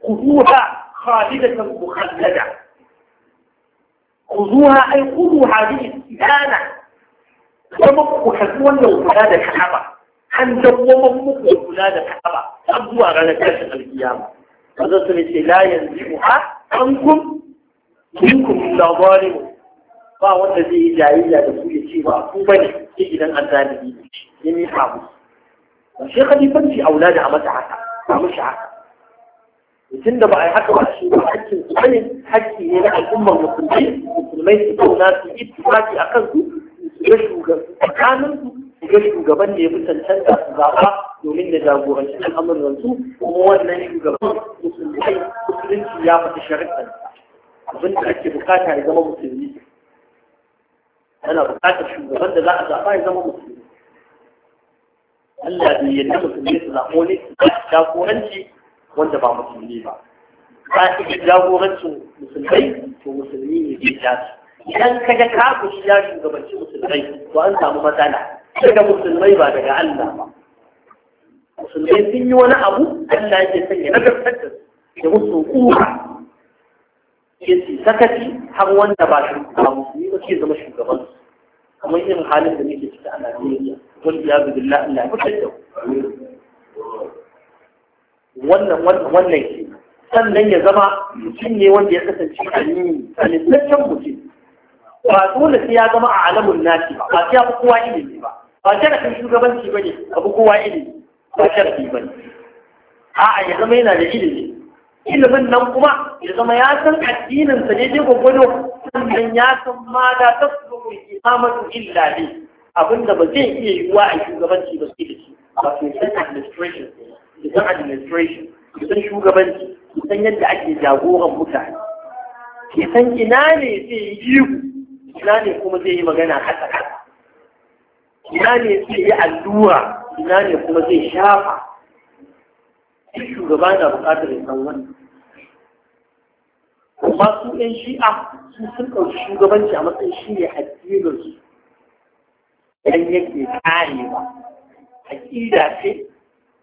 kuduha khalidatan mukhallada kuduha ai kudu hadhihi istidana kuma ku kasu wannan kula da ka'aba an dawwama muku kula da ka'aba har zuwa ranar tashin alkiyama manzon sama ce la yanzu ha an kun minkum illa zalimun ba wanda zai yi jayayya da su ya ce ba ku bane sai idan an zalimi ne ya miƙa musu ba shi khalifanci aula da a mata haka ba mushi haka mutum da ba a yi haka ba shi ba hakkin su bane hakki ne na al'ummar musulmai musulmai su zauna su yi tufafi a kansu su ga shugaban tsakaninsu su ga shugaban ne ya fi cancanta su zaɓa domin da jagoranci al'amuransu kuma wannan shugaban musulmai musulunci ya fata shari'a abin da ake bukata ya zama musulmi ana bukatar shugaban da za a zaɓa ya zama musulmi Allah bai yadda musulmi su zaɓo ne su jagoranci wanda ba musulmi ba ka'idar jagorancin musulmai to musulmi ne zai ja idan ka ga kafiri ya shugabanci musulmai to an samu matsala daga musulmai ba daga Allah ba musulmai sun yi wani abu Allah ke sanya na da su da musu ƙura. ke su sakaci har wanda ba shugaba musulmi ba ke zama shugaban kamar irin halin da muke ciki a Najeriya wal iyadu billah Allah ya fitar wannan wannan ke sannan ya zama mutum ne wanda ya kasance a a alisaccen mutum ba dole sai ya zama a alamun nasi ba ba sai ya fi kowa ilimi ba ba sharafin shugabanci ba ne abu kowa ilimi ba sharafi ba ne a'a ya zama yana da ilimi ilimin nan kuma ya zama ya san addinin sa ne dai gwado. sannan ya san ma da kuma imamatu illa ne abinda ba zai iya yiwuwa a shugabanci ba sai da shi wato san administration ya san administration su san shugabanci su san yadda ake jagoran mutane ya san ina ne zai yi yiwu ina ne kuma zai yi magana kasa kasa ina ne zai yi allura ina ne kuma zai shafa shugaba yana buƙatar ya san wannan amma su ɗan shi'a su sun ɗauki shugabanci a matsayin shi ne addinarsu. su yake kare ba aƙida ce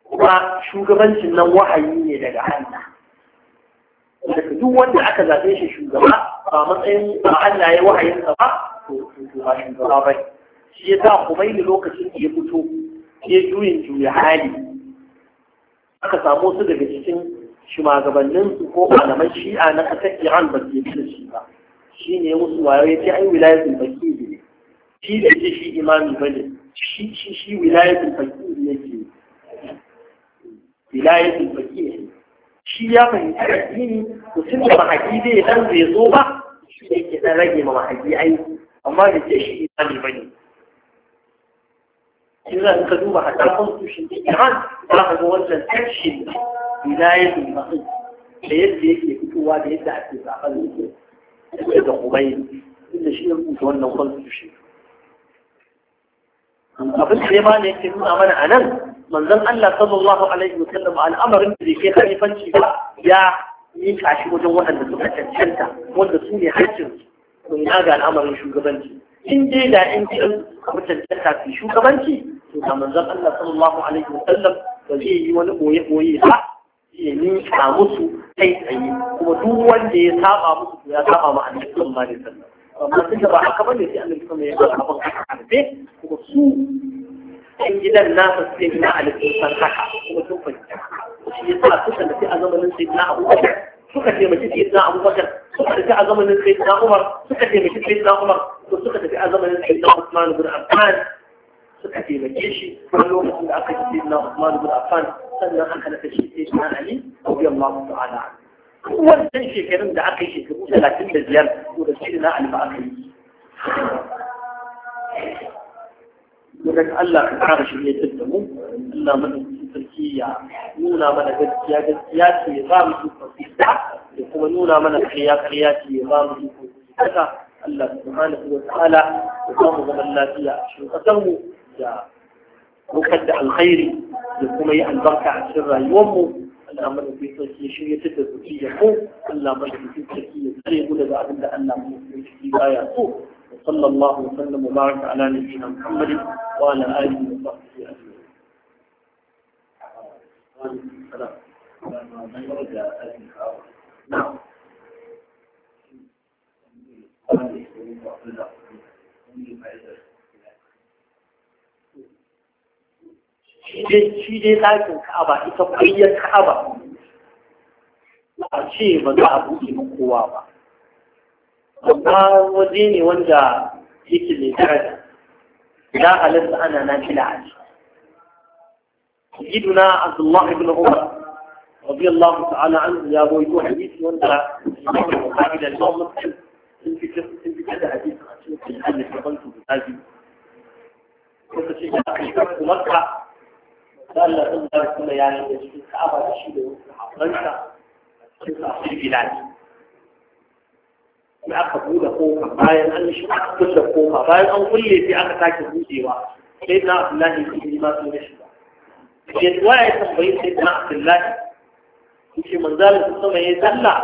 kuma shugabancin nan wahayi ne daga Allah daga duk wanda aka zaɓe shi shugaba ba matsayin ba Allah ya wahayin sa ba to ba shugaba ba shi ya sa kuma lokacin da ya fito ya juyin juya hali aka samu su daga cikin shugabannin su ko malaman shi'a na ƙasar iran ba su yi da shi ba shi ne musu wayo ya ce ai wilayatul fakiri ne shi da ce shi imami ba ne shi shi shi wilayatul fakiri ke wilayatul fakiri shi ya fahimci addini mutum da mahaji zai dan zai zo ba shi ne ke dan rage ma mahaji aiki amma da ce shi imami ba ne ka إذا تدوب حتى constitution Iran za ka ga wannan tension wilayatul masjid da yadda yake fitowa da yadda ake zaɓar yake da Khomeini inda shi ya rubuta wannan constitution abin da ya mana yake nuna mana a nan manzon Allah sallallahu alaihi wa sallam al'amarin da yake halifanci ba ya yi kashi wajen waɗanda suka cancanta wanda su ne haƙƙin su ina ga al'amarin shugabanci in dai da in ji an mutunta fi shugabanci to ga manzan Allah sallallahu alaihi wasallam ba zai yi wani boye boye ba ya ninka musu kai tsaye kuma duk wanda ya saba musu ya saba ma annabi sallallahu alaihi wasallam amma tunda ba haka bane sai annabi sallallahu alaihi wasallam ya ga abin harbe kuma su ɗan gidan nasa sai na alƙin san haka kuma sun fahimta shi yasa suka nufi a zamanin sai na abubakar suka taimaki sai na abubakar سقط في عظم سيدنا عمر سقط في مجلس سيدنا عمر وسقط في عظم سيدنا عثمان بن عفان سقط في مجلس ولوم في عقد سيدنا عثمان بن عفان سنة أخذ في سيدنا علي رضي الله تعالى عنه هو الجيش كان من عقيش كبوسة لا تنسى زيان ولا سيدنا علي ما أخذ يقول لك الله عارش اللي يتلتمو الله من تركيا مونا من تركيا تركيا تركيا تركيا تركيا تركيا تركيا da kuma nuna mana kariya kariya ce ya ba mu iko haka Allah subhanahu wa ta'ala ya ba mu zaman lafiya a cikin kasar mu da rukar da alkhairi da kuma yi albarka a cikin rayuwar mu Allah mana bai sauki ya shirya ta da zuci ya ko Allah mai bai sauki ya tsare mu daga abin da Allah mai sauki baya so صلى الله وسلم وبارك على نبينا محمد وعلى اله وصحبه اجمعين. السلام. نعم shi dai ɗakin ka'aba ita ƙwayyar ka'aba a ce ba za a buɗe ma kowa ba amma waje ne wanda yake mai daraja ya halatta ana na fila a ciki giduna abdullah ibn umar رضي الله تعالى عنه يا ابو يكون حديث وانت الى اليوم مسلم انت انت كذا حديث عشان الحل في قلبه بالحاجي كنت شيء في مكه قال له ان ده كله يعني في الكعبه الشيء اللي حضرتك في احكي في da aka buɗe kofa bayan an shi aka kulle في bayan في kulle sai aka sake buɗewa sai na في ibn Mas'ud ne shi ba sai ya tambayi sai في Abdullahi yace manzalin sun sama yayi sallah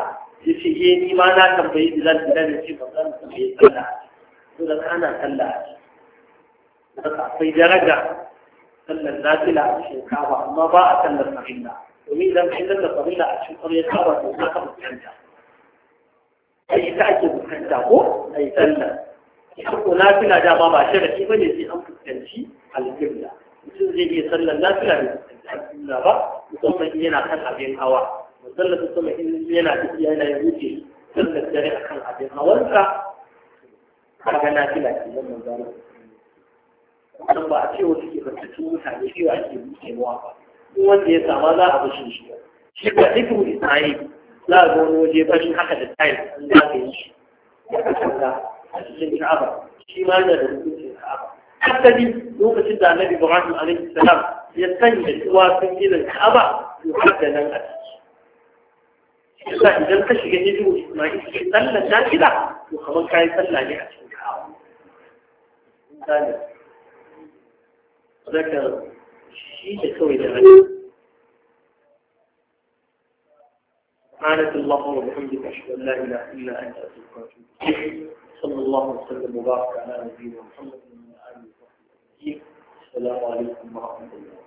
yace eh ni ma na tambayi zan da bilal bilal yace manzalin sun yayi sallah to dan ana sallah saka akwai daraja sallar nafila a cikin kaba amma ba a sallar farilla domin idan kai sallar farilla a cikin kaba ya kaba to za ka fuskanta ai ita ake fuskanta ko ai sallar ita ko nafila ma ba sharadi bane sai an fuskanci alƙibla mutum zai iya sallar nafila da fuskanci alƙibla ba musamman in yana kan abin hawa musallar musamman in yana tafiya yana yin wuce sallar dare a kan abin ka kaga na kila ke nan manzana wannan ba a ce wasu ke rantattu mutane cewa ke wa ba in wanda ya sama za a bashin shi shi ba ifu isra'il za a ga wani waje bashin haka da tayin an zagaye shi ya kasanta a cikin ka'aba shi ma yana da hukuncin ka'aba asali lokacin da annabi ibrahim alaihi salam يتنجد واسم إلى الكعبة يحدى لن أتش إذا إذا الكشي يجب ما يتنجد لنجا كده يخبر كاي يتنجد لنجا كده ثانيا ذاك شيء يسوي ده سبحانك الله وبحمدك أشهد أن لا إله إلا أنت أتوقع صلى الله وسلم وبارك على نبينا محمد وعلى آله وصحبه أجمعين السلام عليكم ورحمة الله